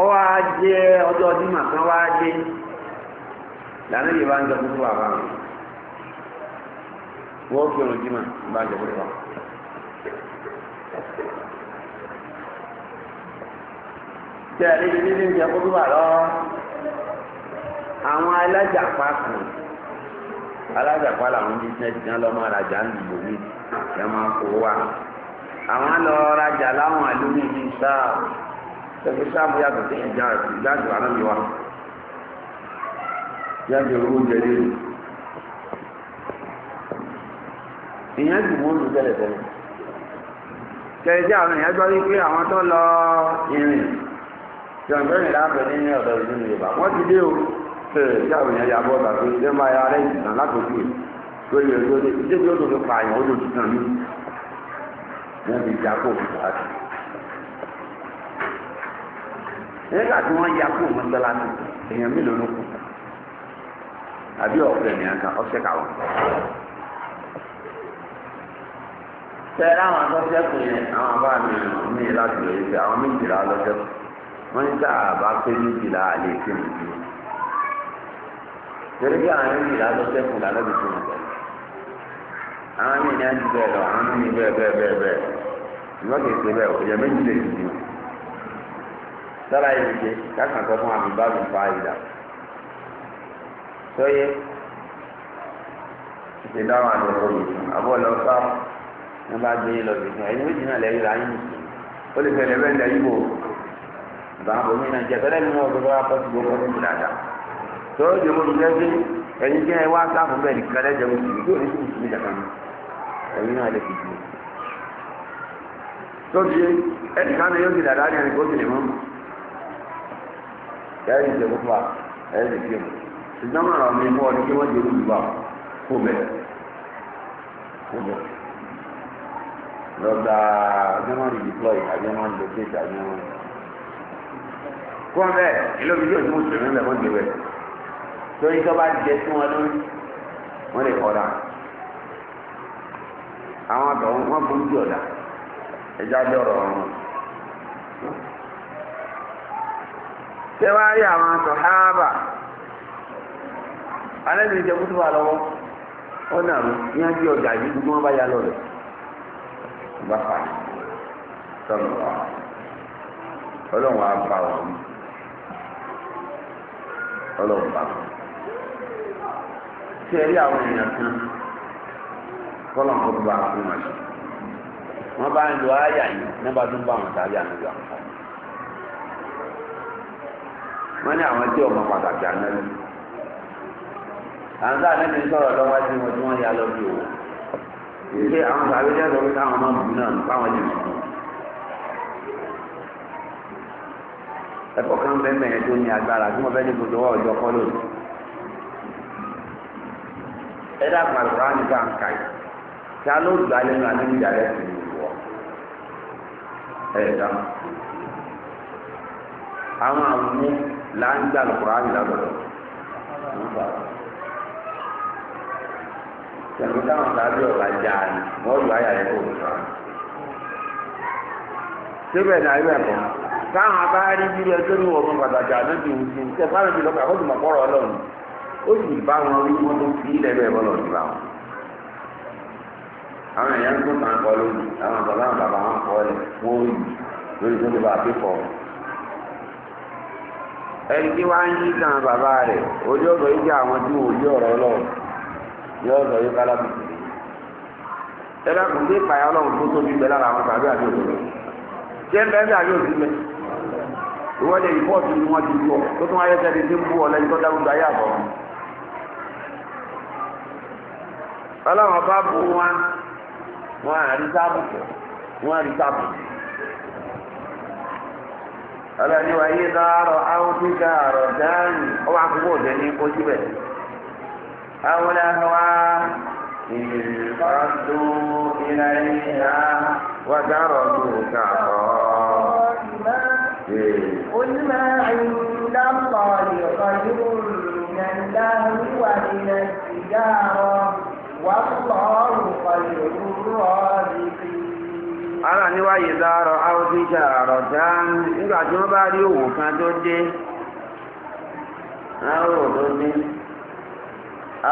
ọwá ọjọ́ kan wá lànà yìí bá ń jẹ kúrò àbá wọ́n fi ọ̀rọ̀ dímà bá ń jẹ kúrò àbá tẹ ẹni ní ní àlọ́ àwọn kan làwọn lọ́mọ ń lò mí wa àwọn rajà láwọn ní sáà. tẹ̀sí sáàmù yàtọ̀ sí ìjà ìjájú àlọ́bí wa jáde owó jẹlé rẹ̀ ìyẹn ti mú ònú tẹ́lẹ̀ tẹ́lẹ̀ kẹ̀lẹ́jẹ́ àwọn èèyàn gbọ́ wípé àwọn tó lọ ìrìn jọ̀ǹbẹ́rìn láàbẹ̀ nínú ọ̀dọ̀ ìlú Yorùbá wọ́n ti dé o tí àwọn èèyàn ya bọ́ọ̀dà pé ṣé máa ya ara ìdìnnà látòkè lórí ẹgbẹ́ ilé tí ó tó fi pààyàn ó lòdì náà ní wọ́n fi jà nígbà tí wọ́n ya kó mọ́sálásí èèyàn mélòó ló kù àbí ọ̀pẹ̀ nìyẹn aka ọ̀sẹ̀ kàwọn. tẹ̀lé àwọn atọ́sẹ́kù yẹn àwọn abá mi ní láti lè ṣe àwọn méjìlá lọ́sẹ̀kù wọ́n ní tá a bá pé méjìlá àlè bí. torí àwọn lálẹ́ tó ń bọ̀. àwọn ní bẹ́ẹ̀ lọ àwọn ní bẹ́ẹ̀ bẹ́ẹ̀ bẹ́ẹ̀ bẹ́ẹ̀ ìwọ́n bẹ́ẹ̀ sára ìdíje kákan sọ fún àmì bá mi fa ìdá sọyẹ ṣe dáhùn àdókò mi fún abọ́ lọ sá ní bá gbé lọ sí fún ẹni méjì náà lẹ́yìn láyé mùsùlùmí ó lè fẹ́lẹ́ bẹ́ẹ̀ lẹ́yìn bò bàbá bomi náà jẹ fẹ́lẹ́ nínú ọgbẹ́ bá pọ́sí gbogbo ọdún mi dàda tó o jẹ mo ti lẹ́sí ẹni jẹ́ ẹ wá sáfù bẹ́ẹ̀ nìkan lẹ́jẹ̀ mùsùlùmí yóò ní sí mùsùlùmí dàda mi ẹ̀mí náà lè fi jù tó ti ẹnìkan náà yóò ti dàda ní ẹnì ẹ̀rí ìjẹ̀bú pa ẹ̀rí kí mu ṣùgbọ́n àwọn ọmọ ìmú ọdún kí wọ́n jẹ́ olùbá kó bẹ̀ kó bẹ̀ lọ́gbà german deploy german locate german kó bẹ̀ ìlọ́bi yóò tún sùn nílẹ̀ wọ́n débẹ̀ torí tó bá jẹ sí wọn lórí wọ́n lè kọ́ dáa àwọn àtọ̀ wọn kò ń jọ̀dá ẹja dọ̀rọ̀ ọ̀run. tẹwàárí àwọn sọ̀háàbà alẹ́bìí jẹ kútu wà lọ́wọ́ ó nàrú ní á ọjà yìí gbogbo wọn bá yá lọ rẹ̀ bá fà á wà bá mú bá rí àwọn èèyàn kan kọ́lọ̀ ń bá wọn bá ń lo ááyà yìí nígbà tó ń bá wọn àmì wọ́n ní àwọn tí ọmọ pàtàkì ànábì àwọn tí ànábì ń sọ̀rọ̀ lọ́wọ́ tí wọ́n tí wọ́n ya lọ bí o ṣe àwọn tàbí jẹ́ sọ pé káwọn máa bù náà káwọn jù kan bẹ́ẹ̀ mẹ́rin tó ní agbára tí wọ́n fẹ́ ní gbogbo ọwọ́ ọjọ́ kọ́ lónìí. ẹ dàgbà lọ́wọ́ ní báńkà yìí tí a ló gbà lẹ́nu ànábì dàrẹ́ àwọn àwọn láńgbà lùkùránì lágbọ̀dọ̀ tẹ̀lé táwọn sáájú ọ̀la já ni wọ́n ayà rẹ̀ kó nìkan. síbẹ̀ ní ayé ẹ̀kọ́ táwọn abáyárí bí ẹjọ́ ní wọ́n pàtàkì àdójú ìwúsí tẹ̀ fáwọn ibi lọ́kà ó sì mọ̀ pọ́rọ̀ ọlọ́run ó sì bá wọn rí wọn tó fi ilẹ̀ bẹ́ẹ̀ bọ́lọ̀ sí wọn. àwọn èèyàn tó kàn kọ́ lónìí àwọn bàbá àwọn bàbá wọn kọ́ ẹ̀ wọ́n rí lórí tó ti bá a fi kọ́ ẹni tí wá ń yí tàn bàbá rẹ̀ ojú ọ̀sọ̀ yìí jẹ́ àwọn tí wọ́n yí ọ̀rọ̀ ọlọ́run yóò sọ yóò kálábì tì ẹ̀dá kò sí ìpàyà ọlọ́run tó tóbi bẹ́ẹ̀ lára àwọn tàbí àbí ṣé ń bẹ́ẹ̀ àbí òkúrò mẹ́ ìwọ́de ìfọ́ọ̀tù ni wọ́n ti bú tó tún ayé sẹ́ni tí ń bú tó ọlọ́ni wa yé dọ́rọ̀ áwùjíkà ọ̀rọ̀ dání ó wà kókó òde ní kojú bẹ̀. àwọn ahọ́wá ìfọ́tò ìlànà wà dárọ̀ tó kà onímọ̀ ìlú lọ́pọ̀ ìkọ̀ yóò rìn lọ́wọ́ wà nínú ìdárọ̀ wà pọ̀ kọ̀ yóò rọ̀ ọ́ ara níwáyé dáárọ̀ áwọ́díjà àrọ̀ dáánù nígbà tí wọ́n bá rí òwò kan tó dé áwọ̀ tó dé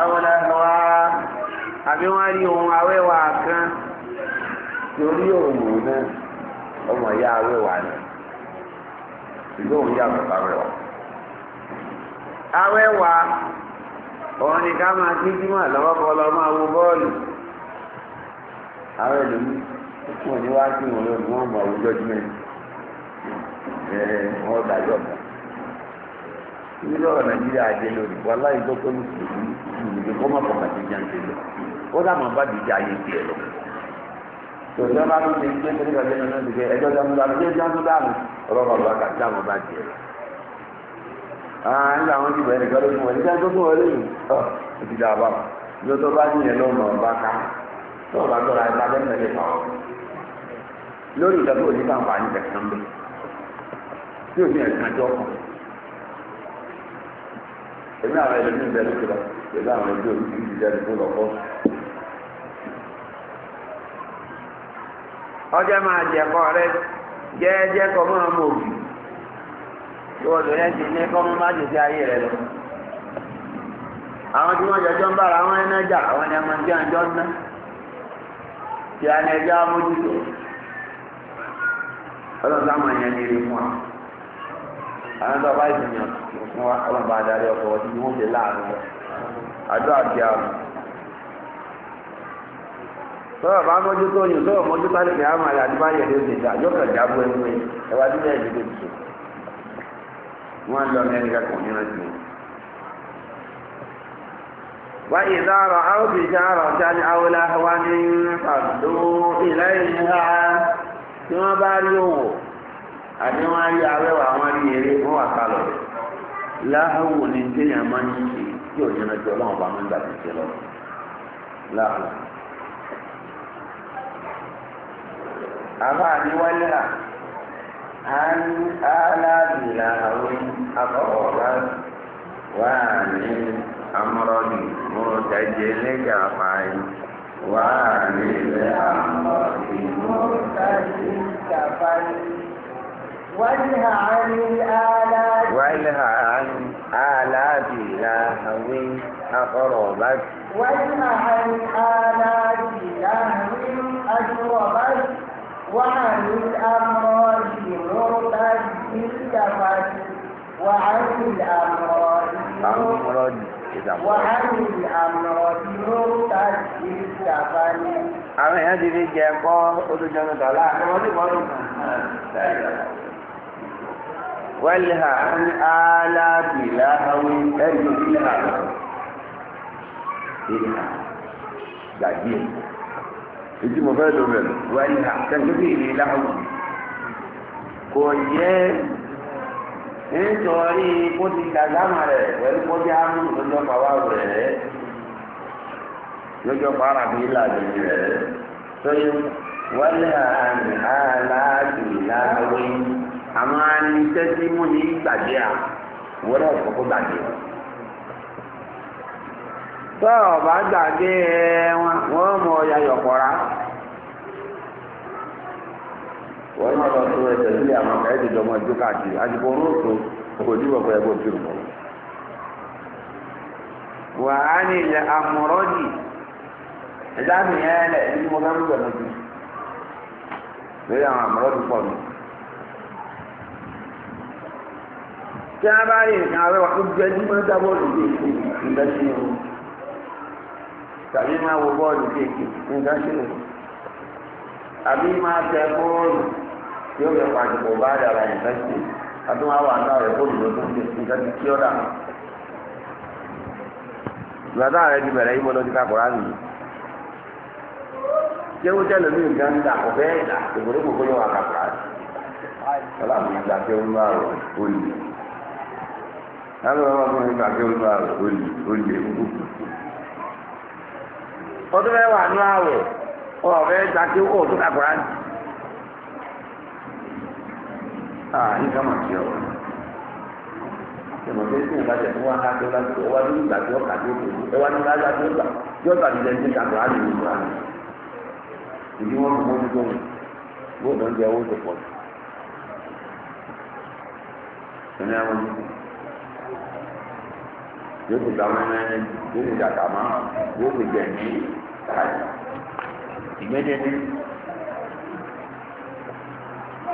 áwọ̀láwà àbí wọ́n rí ohun awẹ́wà kan torí òwò náà ọmọ ya awẹ́wà náà ìlú òun yà bàbá awẹ́wà òun ni ká máa kí jímọ̀ lọ́wọ́ kọ́ lọ́ máa wo bọ́ọ̀lù wọn ni wá sí wọn wọn mọ ẹ wọn nàìjíríà wọn láyé kọ́ lọ ayé tiẹ̀ lọ tòjọ́ bá tún gbé ẹjọ́ ẹjọ́ dànù bá tiẹ̀ lọ. wọn ti tó o bá gbọ́ra ẹ̀ta bẹ́ẹ̀ mẹ́lẹ̀ fà ọ́ lórí ìdọ́gbò ní bàbá ní bẹ̀rẹ̀ náà tí o ní ẹ̀sìn àjọ kan èmi àwọn ẹlẹ́mí bẹ́ẹ̀ ló ti lọ pẹ̀lú àwọn ẹgbẹ́ òbí ti jẹ́ ìdúró lọ́kọ́. ọjọ́ máa jẹ kọ́ rẹ jẹ́ẹ́jẹ́ kọ́ mọ́ ọmọ òbí lọ́wọ́dọ̀ yẹn ti ní kọ́ mọ́ má sí ayé rẹ lọ àwọn tí wọ́n jọjọ́ ń bára àwọn ẹ̀nẹ́jà àwọn ẹ̀nẹ́mọ̀ tí wọ́n tí a ní ẹjọ́ amójútó ọlọ́run sáà máa yẹn ní eré fún wa àwọn tó bá ìsìnyàn abụ bá yìí àti wọn lọ وإذا رأوا تجارة أو لهوا انفضوا إليها tí wọ́n bá rí òwò àti wọ́n rí awẹ́wà wọ́n rí eré wọ́n wà kálọ̀ rẹ̀ láhùn ní téèyàn máa ń ṣe tí ò yẹn lọ́jọ́ ọlọ́run bá máa ń gbà tó ṣe lọ láhùn. àbá àdéwálé à aláàbìlà àwọn akọ̀wọ̀ bá wà ní amúrọ́dì mo tẹ̀jẹ̀ lẹ́jà fàáyì wà á lè lẹ́ amúrọ́dì mo tẹ̀jẹ̀ lẹ́jà fàáyì. Wàlíhà aláàbì láhàwé akọ̀rọ̀ bá. Wàlíhà aláàbì láhàwé akọ̀rọ̀ bá. وعن الأمراض مرتد الكفر وعن الأمراض مرتد àwọn èèyàn ti fi jẹ ẹ̀kọ́ ojoojúmọ́ dọ́là wẹ́lìhà ń alábìlà àwọn ẹ̀rù ìlà ìlà gbàgbé ìdí mo fẹ́ lò rẹ̀ wẹ́lìhà tẹ̀síkì ìlà kò yẹ nítorí kó ti dàgbàmà rẹ̀ pẹ̀lú kó ti hánú lójó pàwá rẹ̀ lójó pàrà bí làbí rẹ̀ sóyè wọlé àmì aláàbì láwé àmọ́ àni tẹ́tí mú ní gbàgbé à wọlé ọ̀kọ́kọ́ gbàgbé wọn tọ́ ọ̀bá gbàgbé wọn wọ́n mọ ọ̀yà yọ̀kọ̀ra. wọ́n yóò lọ tó ẹsẹ̀ sílẹ̀ àwọn ọ̀gá ẹ̀dì jọmọ ìjó káàkiri olóòtú kò dìbò pé ẹgbẹ́ òfin mọ́. wà á ní ilẹ̀ amúrọ́dì ẹ̀dá mi yẹn lẹ̀ ní mo fẹ́ mú jù lórí àwọn amúrọ́dì pọ̀ mi. tí a bá rí nǹkan tó ní mọ́ tí ó yẹ pàṣẹ kò bá yàrá ìfẹsẹ adó wa wà náà rẹ bóòlù ló tó ń ṣe nǹkan ti kí ọ dà gbàdá rẹ ti bẹ̀rẹ̀ yìí mọ lọ sí kakọrọ àmì kéwú tẹ́lẹ̀ mi nǹkan ń dà ọbẹ ìdà ìgbòrò gbogbo yóò wà kakọrọ àmì ọlá mi ìgbà kéwú ń bá rọ olè lábẹ́ wọn mi ìgbà kéwú ń bá rọ olè olè gbogbo ọdún mẹ́wàá nú àwẹ̀ ọ̀fẹ́ Ah, nǹkan mọ̀ sí ọ. Ṣèmọ̀ pé sí fún wa káàkiri lásìkò ẹwà ní ìgbà tí ọkà tó kù ẹwà ní ìgbà tí ọkà tí ọkà ti lẹ́nu ìgbà tó àlè ìlú àlè. Ìdí wọn kò mójú tó wù bóun ló ń jẹ owó tó pọ̀ jù. Ìní yóò ti gba mẹ́rin ẹni yóò ti dàgbà máa yóò ti gbẹ̀mí ìgbẹ́jẹ́ ní.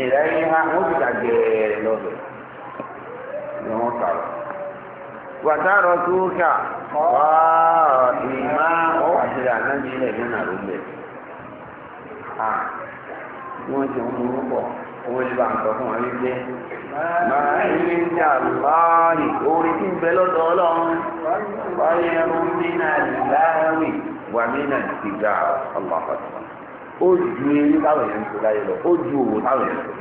ilẹ̀ yìí ha wọ́n ti dàgbére lọ́dọ̀ ni wọ́n kà lọ. wàtárọ̀ tó kà ọ́ ìmá ọ́ àti ànábi ilẹ̀ ní nàró lẹ̀. wọ́n ti ń mú bọ̀ owó ti bá ń sọ fún wọn wípé máa ń ní ìjà láàyè orin tí ń bẹ lọ́dọ̀ ọlọ́run wáyé ẹrú nínú àdìláwì wà nínú àdìgbà ọlọ́pàá ó ju eré táwọn èèyàn ń ṣe láyé lọ ó ju òwò táwọn èèyàn ń ṣe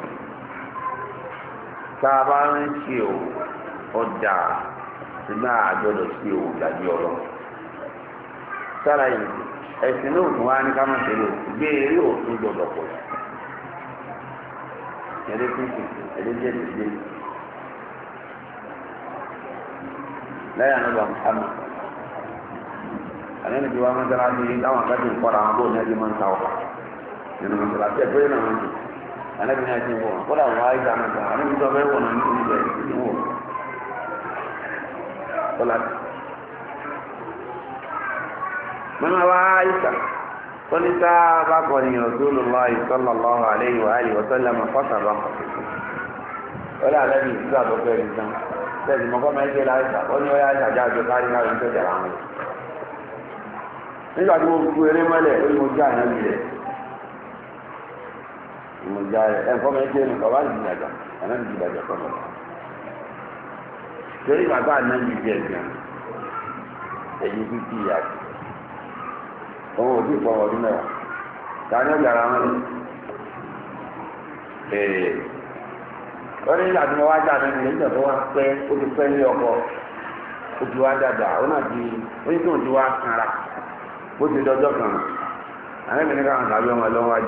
tá a bá ń ṣe òwò ọjà ṣùgbọ́n àjọdọ̀ ṣe òwò dàbí ọ̀rọ̀ sára yìí ẹ̀sìn náà tún wá ní ká má ṣe lò gbé eré òfin gbọdọ̀ pọ̀ sí ẹ̀rẹ́ pínpín ẹ̀rẹ́ jẹ́ ìdílé lẹ́yìn ànábà mùsàmù àlẹ́ nìjú wa mọ́tàlá sí táwọn akájì ń kọ́ra àwọn bóun ní ẹ̀jẹ̀ máa ń ta ọ̀pá nínú mọ́sálásí ẹgbẹ́ náà wọ́n jù anábì náà ti wọ̀ kódà wọ́n á yíra mọ́ta anábì tó fẹ́ wọ̀ náà ní ìlú ẹ̀ ti wọ̀ kọ́lá. mọ́nà wa àyíṣà tó ní sá bá kọ́ ni Rasulullahi sallallahu alaihi wa alihi wa sallam fọ́sà bá kọ́ kọ́lá anábì ìtura tó fẹ́ rí sàn sẹ́ẹ̀dì mọ́kọ́ máa ń jẹ́ láyíṣà ó ní ó yá àyíṣà jáde kárí kárí ń tẹ̀jà láwọn nígbà tí mo fi eré mọ́lẹ̀ ó ní mo já àyàn mi rẹ̀ ìmọ̀já rẹ̀ ẹ̀ fọ́mọ ẹgbẹ́ mi bàbá ìdí ìdàgbà àná ìdí ìdàgbà fọ́mọ rẹ̀ torí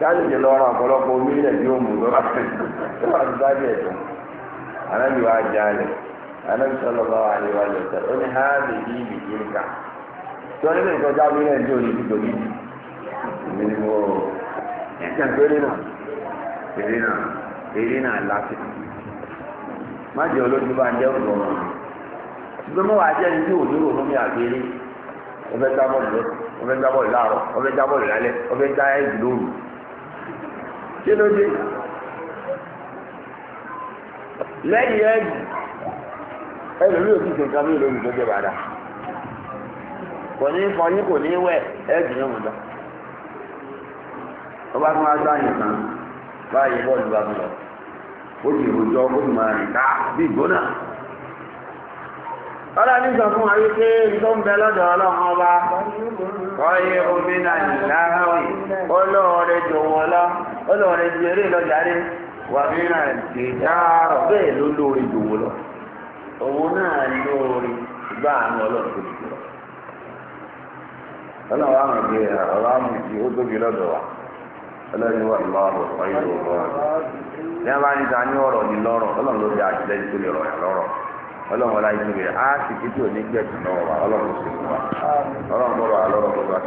sáájú ti lọ́rùn ọ̀pọ̀lọpọ̀ omi ilẹ̀ tí ó mú lọ́wọ́ lọ́wọ́ ti sáájú ẹ̀ tán anábì wa jalè anábì sọlọ bá wà ní wàlẹ̀ ọ̀tẹ̀ ó ní ha lè yí ibi kí n kà tí wọ́n nílé ìkọjá omi ilẹ̀ tí ò ní dìbò yìí èmi ni mo ẹ̀ka péré náà péré náà péré náà láti má jẹ́ olójú bá ń jẹ́ òdò ọ̀rọ̀ ṣùgbọ́n mọ́ wàá jẹ́ ẹni tí òdò òdò mi àgbélé ọbẹ̀ jábọ̀ lọ ọbẹ̀ jábọ̀ láàárọ̀ ọbẹ̀ jábọ̀ lálẹ́ ọbẹ̀ já ẹ̀ lóru kí ló dé lẹ́yìn ẹ̀yìn ẹlòmíì ṣe nǹkan mi bàdà kò ní kò ní ẹ̀jì kan báyìí bọ́ọ̀lù bá lọ ó rojọ́ ó máa rìn ká sọ fún tó ń bẹ lọ́dọ̀ ọlọ́run ọba omi náà olórin ju eré lọ́jà rí wà mìíràn ti dáàrọ̀ bẹ́ẹ̀ ló lórí ìdòwò lọ òun náà lórí ìgbà àánú ọlọ́run tó dìbò lọ ọlọ́run àwọn ìgbé ọ̀rọ̀ àwọn ìgbé ó tóbi lọ́dọ̀ wa ọlọ́run wà lọ́rọ̀ ọ̀yìn lọ́rọ̀ ní abáyé ta ní ọ̀rọ̀ ní lọ́rọ̀ ọlọ́run ló di àtìlẹ́yìn tó lè rọ̀ yà lọ́rọ̀ ọlọ́run wọlé ayé tóbi á sì kí tí ò ní gbẹ̀tù náà wà ọlọ́run ọlọ́run bọ̀rọ̀ àlọ́rọ̀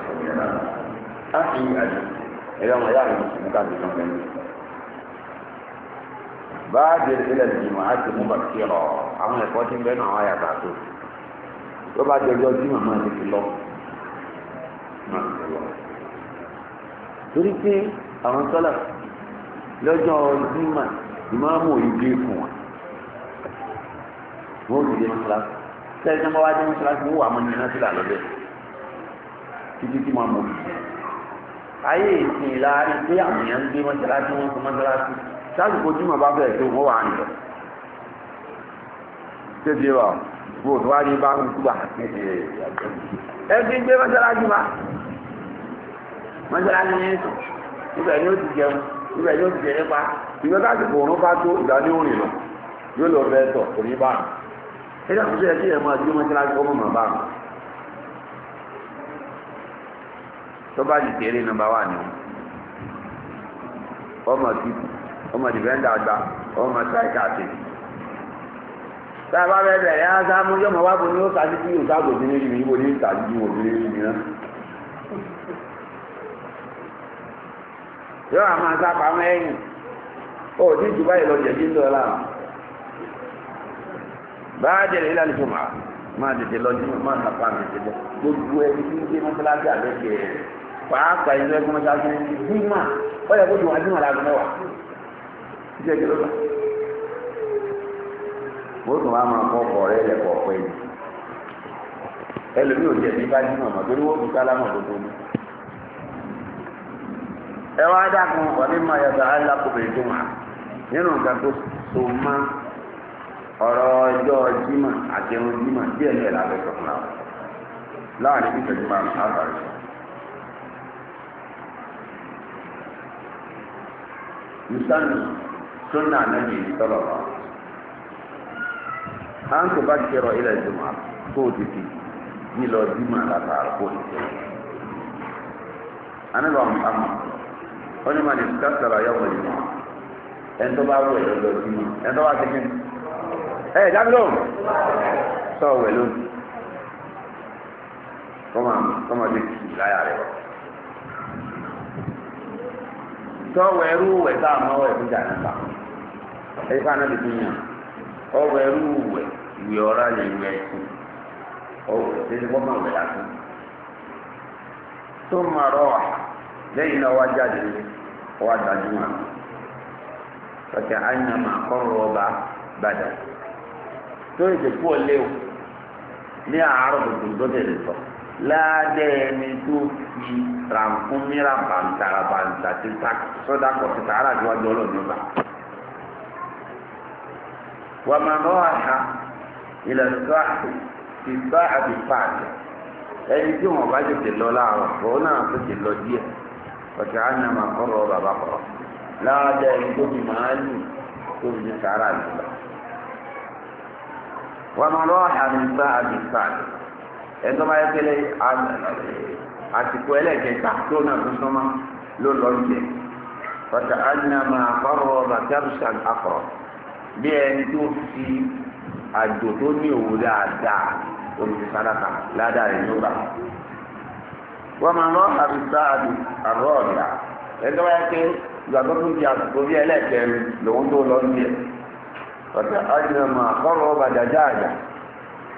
ẹ̀rọ ọmọ yára ní ìṣẹ̀lẹ̀ káàdì kan bẹ́ẹ̀ ni. báàdì ìṣẹ̀lẹ̀ ìgbìmọ̀ á ti mú bàtí rọ̀ àwọn ẹ̀kọ́ tí ń bẹ́ẹ̀ náà wáyà bá tó tó bá jọjọ tí màmá ti fi lọ torí pé àwọn sọ́là lọ́jọ́ ìgbìmọ̀ ìmáàmù òyìnbí fún wọn wọn ò sì dé mọ́ṣáláṣí sẹ́yìn tí wọ́n wá dé mọ́ṣáláṣí wọ́n wà mọ́ ní náà sílà lọ́dẹ̀ títí tí wọ́n mọ̀ ọ́ ayé ìsìn ìlàrí pé àwọn èèyàn ń gbé mọ́sálásí wọn fún mọ́sálásí sáàsì kò jùmọ̀ bá bẹ̀rẹ̀ tó wọ́n wà ń lọ. tètè wà wò tó wá ní bá ń gbà tètè ẹ fi gbé mọ́sálásí wa mọ́sálásí ní ètò ibẹ̀ ni ó ti jẹun ibẹ̀ ni ó ti jẹ nípa ìgbà táàsì kò rún bá tó ìgbà ní òrìn lọ yóò lọ bẹ́ẹ̀ tọ̀ kò ní bá a. ẹ dàkúnṣe ẹ kí ẹ máa gbé mọ́sálásí ọmọ màbá tó bá dìde eré nọ́mbà wà ní ọmọ kíkù ọmọ dìbẹ́ndà àgbà ọmọ sáìkà àti sábà bẹ́ẹ̀ bẹ̀rẹ̀ á sáàmú yọmọ wá bo ní ó sáájú tí yóò sáàbò sí níbi ìbò ní ìsáájú tí yóò bí níbi náà. yóò àmọ́ sápá mẹ́yìn ó ti jù báyìí lọ jẹ̀dí ńlọ láà bá a ilé máa tètè lọ sí máa nàpa mi tètè gbogbo ẹni tí ń gbé mọ́tàlájà lẹ́kẹ̀ẹ́ pàápàá ìlú ẹgbẹ́ mọ́ṣáláṣí ní ti ó yẹ kó ju wájú màlá ló bá. mo tún wá máa kọ́ rẹ yìí ẹlòmíì ò bí bá wọ́n fi ẹ wá dákun ọ̀ní máa yàtọ̀ alákòbìnrin tó wà nínú nǹkan tó so má ọ̀rọ̀ ọjọ́ àti ẹ̀rọ díẹ̀ ní ẹ̀ láàrin ìsánù sunna anabi sọlọ wa à ń tó bá kẹrọ ilẹ̀ ìdùnnú kó o tètè yí lọ dìímọ̀ àtàkà kó o tètè. anabi wa muhammad wọn ni ma ní sításítàrà yọ wọlé mọ ẹni tó bá wọ ẹ lọ dìímọ̀ ẹni tó bá tẹkẹ ẹ dábí lóhùn sọ wẹ lóhùn kọ́mà kọ́mà lè nke wee wẹ̀ uwe taa máa wẹ̀ fún jàǹdà ẹ̀yìn fún anábì fún yàn ọ wẹ̀rú wẹ̀ ìwé wee ọ wẹ̀ ṣẹ́ni wọ́n máa wẹ̀ lásán tó máa ọba láàdẹ́ ẹni tó fi rànkúnmíra bàǹtàrà bàǹtà ti ta sọ́dà kọ̀ ti tààrà níwájú ọlọ́ọ̀ni ọba. wà á máa rọ àṣà ilẹ̀ sọ́àtì ti sọ́àtì pààtì ẹni tí wọn bá tètè lọ láàárọ̀ òun náà tètè lọ díẹ̀ ọ̀tí á máa kọ́rọ̀ bàbá kọ̀rọ̀ láàdẹ́ ẹni tó fi máa lù tó fi ti tààrà níwájú. wà á máa rọ àṣà ní sọ́àtì pààtì ẹtọ́ bá yẹ kẹlẹ́ àsìkò ẹlẹ́kẹta tó náà tó sọ́mọ́ ló lọ jẹ pàtà ánàmà àkọ́rọ̀ bàtàrùsàn àkọ́rọ̀ bí ẹni tó fi àjò tó ní òwò dáadáa olùsísàdàkà ládàá rẹ̀ ló gbà. wọ́n máa ń rọ́ àbísà àrọ́ ọ̀dà ẹtọ́ bá yẹ kẹ́ ìgbàgbọ́ tó di àsìkò bí ẹlẹ́kẹrin lòun tó lọ jẹ pàtà ánàmà àkọ́rọ̀ bàtàrùsàn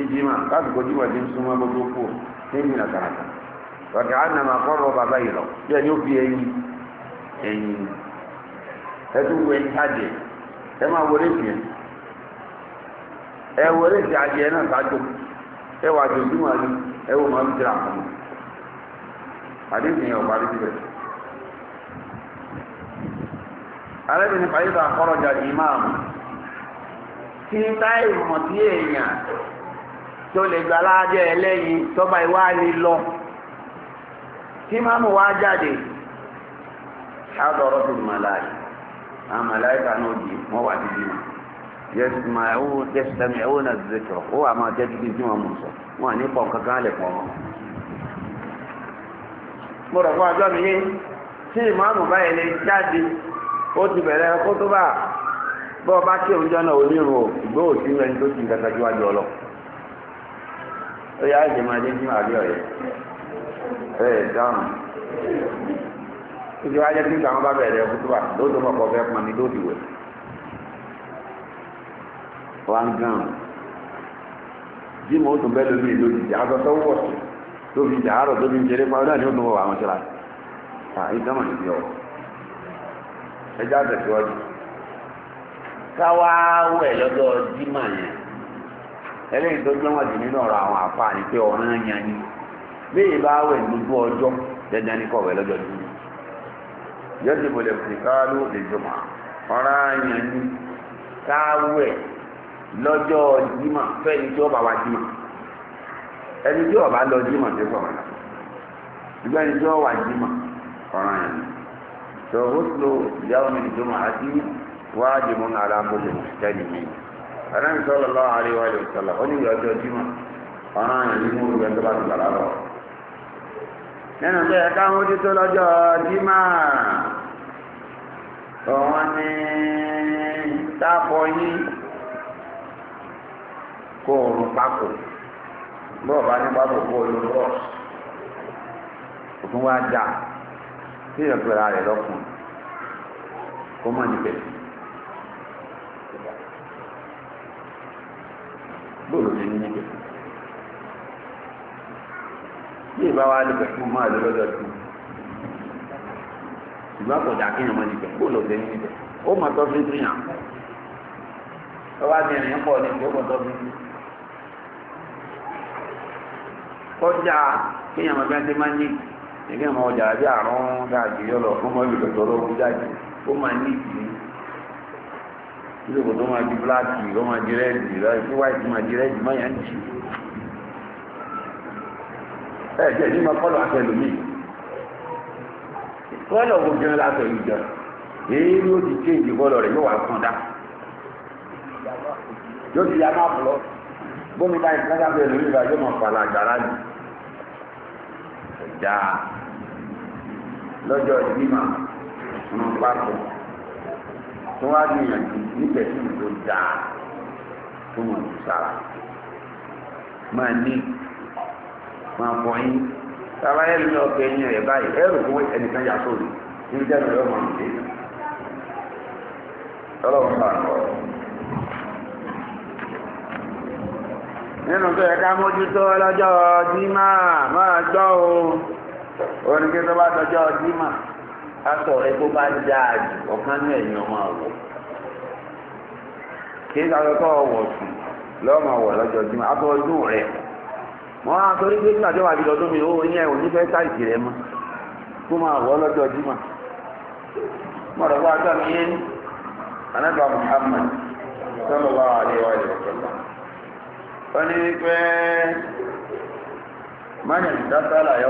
ìjìmá láti kojú wà ní súnmọ́ gbogbo kú ní ìjìnà kàràkà ọ̀kẹ́ àná máa kọ́rọ̀ bàbá yìí bí ẹni ó fi ẹyin ẹyin wo ẹyin adìẹ ẹ máa wọlé tiẹ ẹ wọlé tiẹ adìẹ náà ẹ wà sí ẹ èèyàn. tó lè gba aládé ẹlẹ́yìn tọ́ba ìwá lọ tí máàmù wá jáde ṣáàdọ̀rọ̀ tó màláì àwọn màláì kan náà di m. wà níbí wọn yẹsùtàmì ẹ̀wọ̀n náà zikr ó wà máa jẹ́jú bí wọ́n mú sọ wọn ní pọ̀ kankan lè pọ̀ fún mi lè jáde ó ti bẹ̀rẹ̀ kó tó bá bá kí òun jọ náà ẹni ó yá ìdè máa dé fún àbí ọ̀yẹ́ ẹ̀ dáhùn ó ti wá jẹ́ kí àwọn bá bẹ̀rẹ̀ ọkùtùbà lóòótọ́ mọ̀kọ́ fẹ́ pọn ní lóòdì wẹ̀ wá ń gàn jímọ̀ ó tún bẹ́ẹ̀ lómi lóòdì jà aṣọ tó wọ̀ sí lóòdì jà àárọ̀ tó fi ń ṣeré pa ọdún àti ó tún wọ̀ àwọn ṣọlá ìdámọ̀ nìbí ọ̀rọ̀ ẹjá tẹ̀síwájú káwá wẹ̀ lọ́dọ̀ jímọ̀ yẹn eléyìí tó gbọ́n wọ̀n jù nínú ọ̀rọ̀ àwọn àfa ni pé wee yan ni léyìí bá wẹ̀ gbogbo ọjọ́ dandan ní kọ̀wé lọ́jọ́ dúró yọjú bọ̀lẹ̀ fìkálù lè jọmọ̀ ọ̀ràn yan ni káwẹ̀ lọ́jọ́ jímọ̀ fẹ́ni tí lọ jímọ̀ sọ̀rọ̀ náà ṣùgbọ́n ẹni tí ó wà jímọ̀ yan ni ìyá omi àti mọ́nà ẹ̀rẹ́mi sọ́lọ̀ lọ́wọ́ àríwá ilẹ̀ ìṣọ̀lọ̀ ó ní ìyọjọ́ jímọ̀ ọ̀ràn àyàn ní mú ìgbẹ́ tó bá ti bàrà lọ. nínú ni táàpọ̀ yín kó oorun pákó bọ́ọ̀ bá ní pákó kó oorun rọ́ọ̀sì òkun wá dà sí ìrẹ̀pẹ̀rẹ̀ rẹ̀ lọ́kùn kó mọ̀ níbẹ̀. bóòlù ní ní níbẹ̀ bí ìbá wa níbẹ̀ fún máa lọ lọ́dọ̀ tó ìgbà kò dà kéèyàn máa níbẹ̀ bóòlù ní níbẹ̀ ó mọ̀ tó fi dùn yàn ọba ti rìn pọ̀ ní ìgbà tó fi dùn kọjá kéèyàn máa bí wọ́n ti máa ní ìgbà máa ọjà àbí àrùn gáàjì yọlọ ó mọ ìbùdó tó lọ́wọ́ jáde ó máa ní ìdílé ilé ìwòsàn wọn máa di bíláàkì wọn máa di rẹ́ẹ̀dì lọ́yìn tí wáìtì máa di rẹ́ẹ̀dì mọ́ yẹn ń jì ẹ̀ jẹ́ ìdí máa kọ́lọ̀ àtẹlùmí kọ́lọ̀ wo jẹun látẹ̀lù jẹun èyí ló ti ké ìdí kọ́lọ̀ rẹ̀ yóò wá kàn dá yóò ti yá máa bọ̀ bómi báyìí kájà bẹ́ẹ̀ lórí ìgbà yóò máa fàlà àgbàrá nì ọjà lọ́jọ́ ìbímọ ọmọ pápọ̀ tó wá gbìyànjú nígbẹ̀sí tó dáa tó mọ̀ tó sára máa ní máa fọ yín sábà yẹn lọ kẹ ẹyin rẹ báyìí ẹrù fún ẹnìkan yà sóòrì ní ìjà ìlú ọmọ mi lé ọlọ́run bá lọ. nínú tó yẹ ká mójútó ọlọ́jọ́ ọdí máa máa gbọ́ o oníkẹ́ tó bá tọjọ́ ọdí máa. aṣọ tó bá dáa jù ọ̀kan ní ẹ̀yìn ọmọ àwọ̀ kí n sáré kọ́ ọ̀wọ̀ sùn lọ́mọ lọ́jọ́ ọdún rẹ wọ́n á torí pé nígbà tó wà bíi ọdún mi ó ní ẹ̀wọ̀n nífẹ̀ẹ́ sáìsì rẹ mọ́ kó máa wọ̀ lọ́jọ́ jùmọ̀ mọ̀rọ̀ Muhammad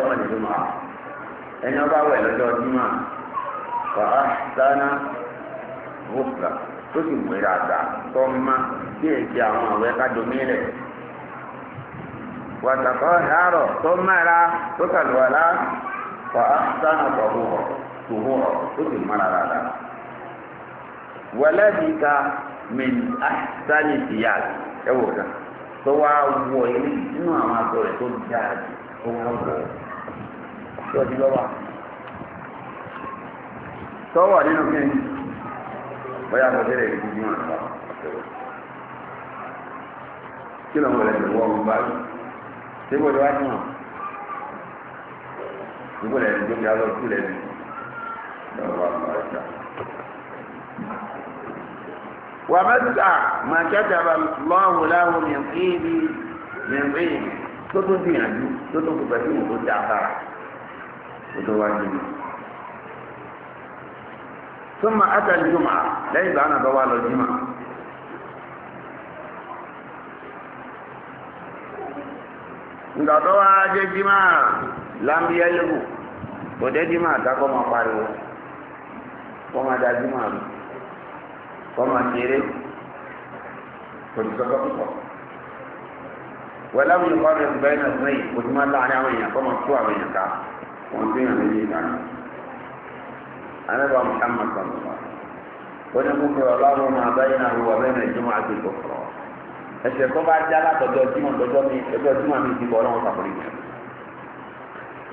wà ní ẹni ọba wẹ̀ lọ́jọ́ فأحسن غسلا tó sì wẹ̀ dàgbà tó ma bí èsì àwọn àwẹ̀ kájọmí rẹ̀ wàtàkọ́ ìhárọ̀ tó mẹ́ra tó kàlùwàlá فأحسن طهورا طهورا tó sì mara dàgbà wẹlẹ́dìka min ahsani tìyàtì ẹ wò dá tó wá wọ ilé nínú àwọn àgọ́ rẹ̀ tó dáa tó wá wọ̀ tó ti lọ́wọ́. tọ́wà nínú kí ni bóyá tó tẹ́lẹ̀ ìdí jí wọn lọ kí lọ́wọ́ rẹ̀ lè wọ́ ọmọ báyìí tí kò lè wá fún wọn tí kò lè ní wà tó tó ثم أتى الجمعة لا أنا بوال الجمعة na tó wá jima jimá lámbíyá yẹ́bù kò jẹ́ jimá àtàkọ́ máa pariwo kọ́ máa da jimá rú kọ́ máa kéré kò ní sọ́kọ́ wala wọ́n láwùjọ kọ́ mi bẹ́ẹ̀ náà sẹ́yìn kò ní máa láàárín أنا محمد صلى الله عليه وسلم ونقول الله ما بينه وبين الجمعة الأخرى ẹsẹ̀ tó bá já látọ̀dọ̀ jímọ̀ lọ́jọ́ mi ẹjọ́ jímọ̀ mi ti bọ̀ ọlọ́run sàkórí yẹn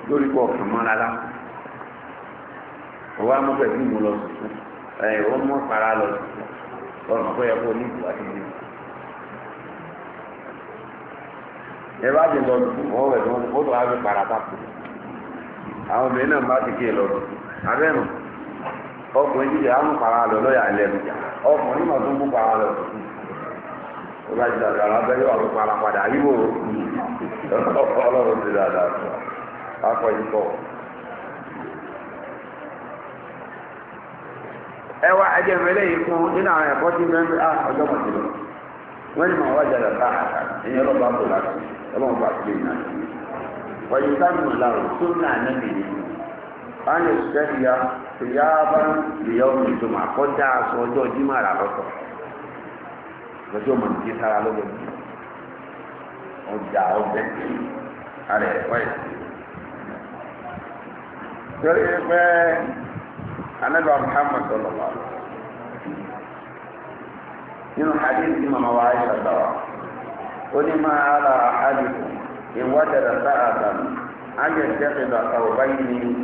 lórí kọ ọ̀kan mọ́ lálá òwò amúfẹ́ bí mo lọ sùn ẹ̀ ò mọ́ para lọ sùn ọ̀rọ̀ pé ẹ kó ní ìgbà tí mo ẹ bá ti lọ sùn ọwọ́ rẹ̀ tó ń kó tó wá para bá kú àwọn obìnrin náà bá ti ké lọ sùn abẹ́rùn. ọkùnrin jíjẹ á ń para lọ lọ́yà lẹ́nu ọkùnrin náà tó ń lọ bá dára para padà yíwò ọlọ́run ti akọ ẹ wá ẹjẹ mẹlẹ yìí fún nínú àwọn tí ah, wá bò láti bá náà yìí sáà nù náà yìí báyìí òṣìṣẹ́ ti ya ìyá bá ń lèyà omi ìjọba àkọ́jà aṣọ ọjọ́ jimá rà lọ́tọ̀ lọ́jọ́ mọ̀ ní kíkara lọ́jọ́ bí ọjà ọbẹ̀ alẹ̀ wáyé. torí pé anabi muhammad sọlọ́wọ́ nínú hadith tí màmá wa aisha gbà ó ní máa ara àdìkù ìwádìí rẹ̀ sáà dànù ayé ìjẹ́kẹ̀dọ̀ àtàwọn báyìí ní.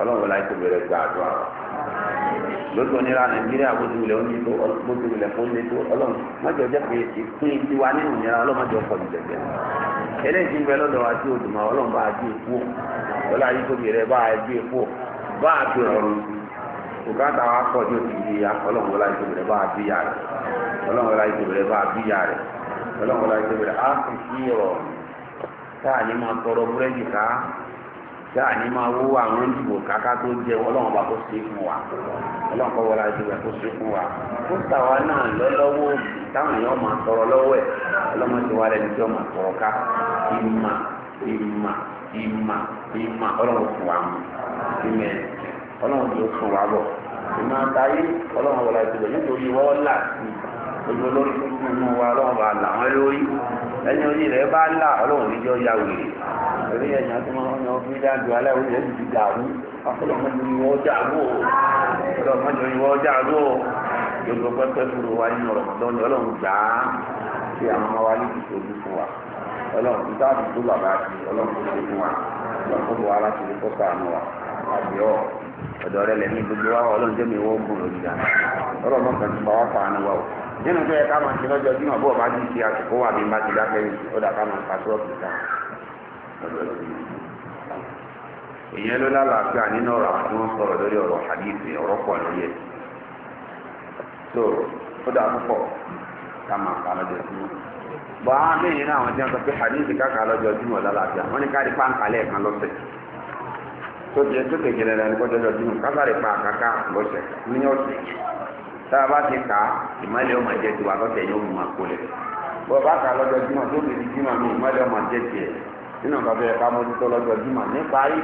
ọlọ́run láì tó bẹ̀rẹ̀ gba àdúrà wa lóṣù onírà nàìjíríà bójú ilẹ̀ oní tó bójú ilẹ̀ fún mi tó ọlọ́run mọ́jọ jẹ́ pé ìpín tiwa nínú ìnira ọlọ́run mọ́jọ pọ̀ jù jẹjẹ eléyìí ti ń bẹ lọ́dọ̀ wa tí o dùnmọ̀ ọlọ́run bá a gbé epo ọlọ́run ayé tó bẹ̀rẹ̀ bá a gbé epo bá a fi rọrùn bùkátà wa pọ̀ ní òsì yìí ya ọlọ́run láì tó bẹ̀rẹ̀ bá a bí ya rẹ̀ ọlọ́run láì tó bẹ̀rẹ̀ bá a bí ya rẹ̀ ọlọ́run láì tó bẹ̀rẹ̀ á fi sí ọ̀rọ̀ táà dáa ní máa wó àwọn ìdìbò kàkà tó jẹ ọlọ́run bá kó sí fún wa ọlọ́run kọ́ wọlé àti ìwẹ̀ kó sí fún wa ó tàwa náà lọ́lọ́wọ́ táwọn èèyàn máa tọrọ lọ́wọ́ ẹ̀ ọlọ́run ti wá lẹ́nu tí ó máa tọrọ ká ìmà ìmà ìmà ìmà ọlọ́run fún wa mú ìmẹ̀ ọlọ́run tó fún wa bọ̀ ìmọ̀ àtàyé ọlọ́run wọlé àti ìwẹ̀ nítorí wọ́n là sí ojú olórí fún wa ọlọ́run bá là wọ́n lórí ẹni orí rẹ̀ bá là ọlọ́run níjọ́ yá wèrè torí ẹ̀yàn tó máa ń yan fún dáàdù aláwọ̀ yẹn ti dàrú afọlọ́mọdé ni wọ́n dàrú o afọlọ́mọdé ni wọ́n dàrú o gbogbo pẹ́pẹ́ fúru wa nínú ọ̀rọ̀mọdé ni ọlọ́run gbà á ṣe àwọn ọmọ wa ní ìṣòro fún wa ọlọ́run tó dáàbò tó bàbá àti ọlọ́run tó ṣe fún wa lọ́kọ́ bọ̀ ara ti lè kọ́kọ́ àánú wa àbí ọ̀ ọ̀dọ̀ rẹ lẹ́ni gbogbo wa ọlọ́run jẹ́ mi wọ́n gùn lórí dáná ọlọ́run náà kàn ti bá wa fàánú wa o nínú tó yẹ ká máa ṣe lọ́jọ́ bí wọn bó ọba jí ṣe àsìkò wà bí n bá ti dákẹ́ yìí ó dà ká máa pa sọ́ọ̀kì ká ìyẹn ló lálàáfíà nínú ọ̀rọ̀ àwọn wọ́n sọ̀rọ̀ lórí ọ̀rọ̀ hadithi ọ̀rọ̀ pọ̀ lórí ẹ̀ so ó dáa púpọ̀ ká máa kà lọ́jọ́ sí bọ́ àwọn abẹ́yìn náà sọ pé hadithi káka lọ́jọ́ júmọ̀ lálàáfíà wọ́n ní káàdì kan lọ́sẹ̀ tó tó pa àkàkà lọ́sẹ̀ ọ̀sẹ̀ tá a bá ti lọ́sẹ̀ yóò mú bọ́ bá lọ́jọ́ tó mi nínú nǹkan tó yẹ ká mójútó lọ́jọ́ jùmọ̀ nípa ayé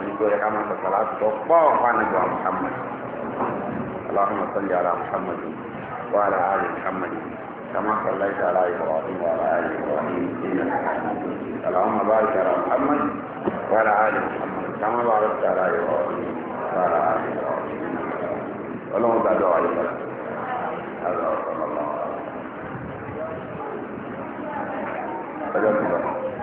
òní tó yẹ ká máa sọ̀tà láti tọ́ pọ́ fánàbọ̀ Muhammad اللهم صل على محمد وعلى آل محمد كما صليت على إبراهيم وعلى آل إبراهيم إنك حميد اللهم بارك على محمد وعلى آل محمد كما باركت على إبراهيم وعلى آل إبراهيم إنك حميد اللهم بعد عليك هذا صلى الله عليه وسلم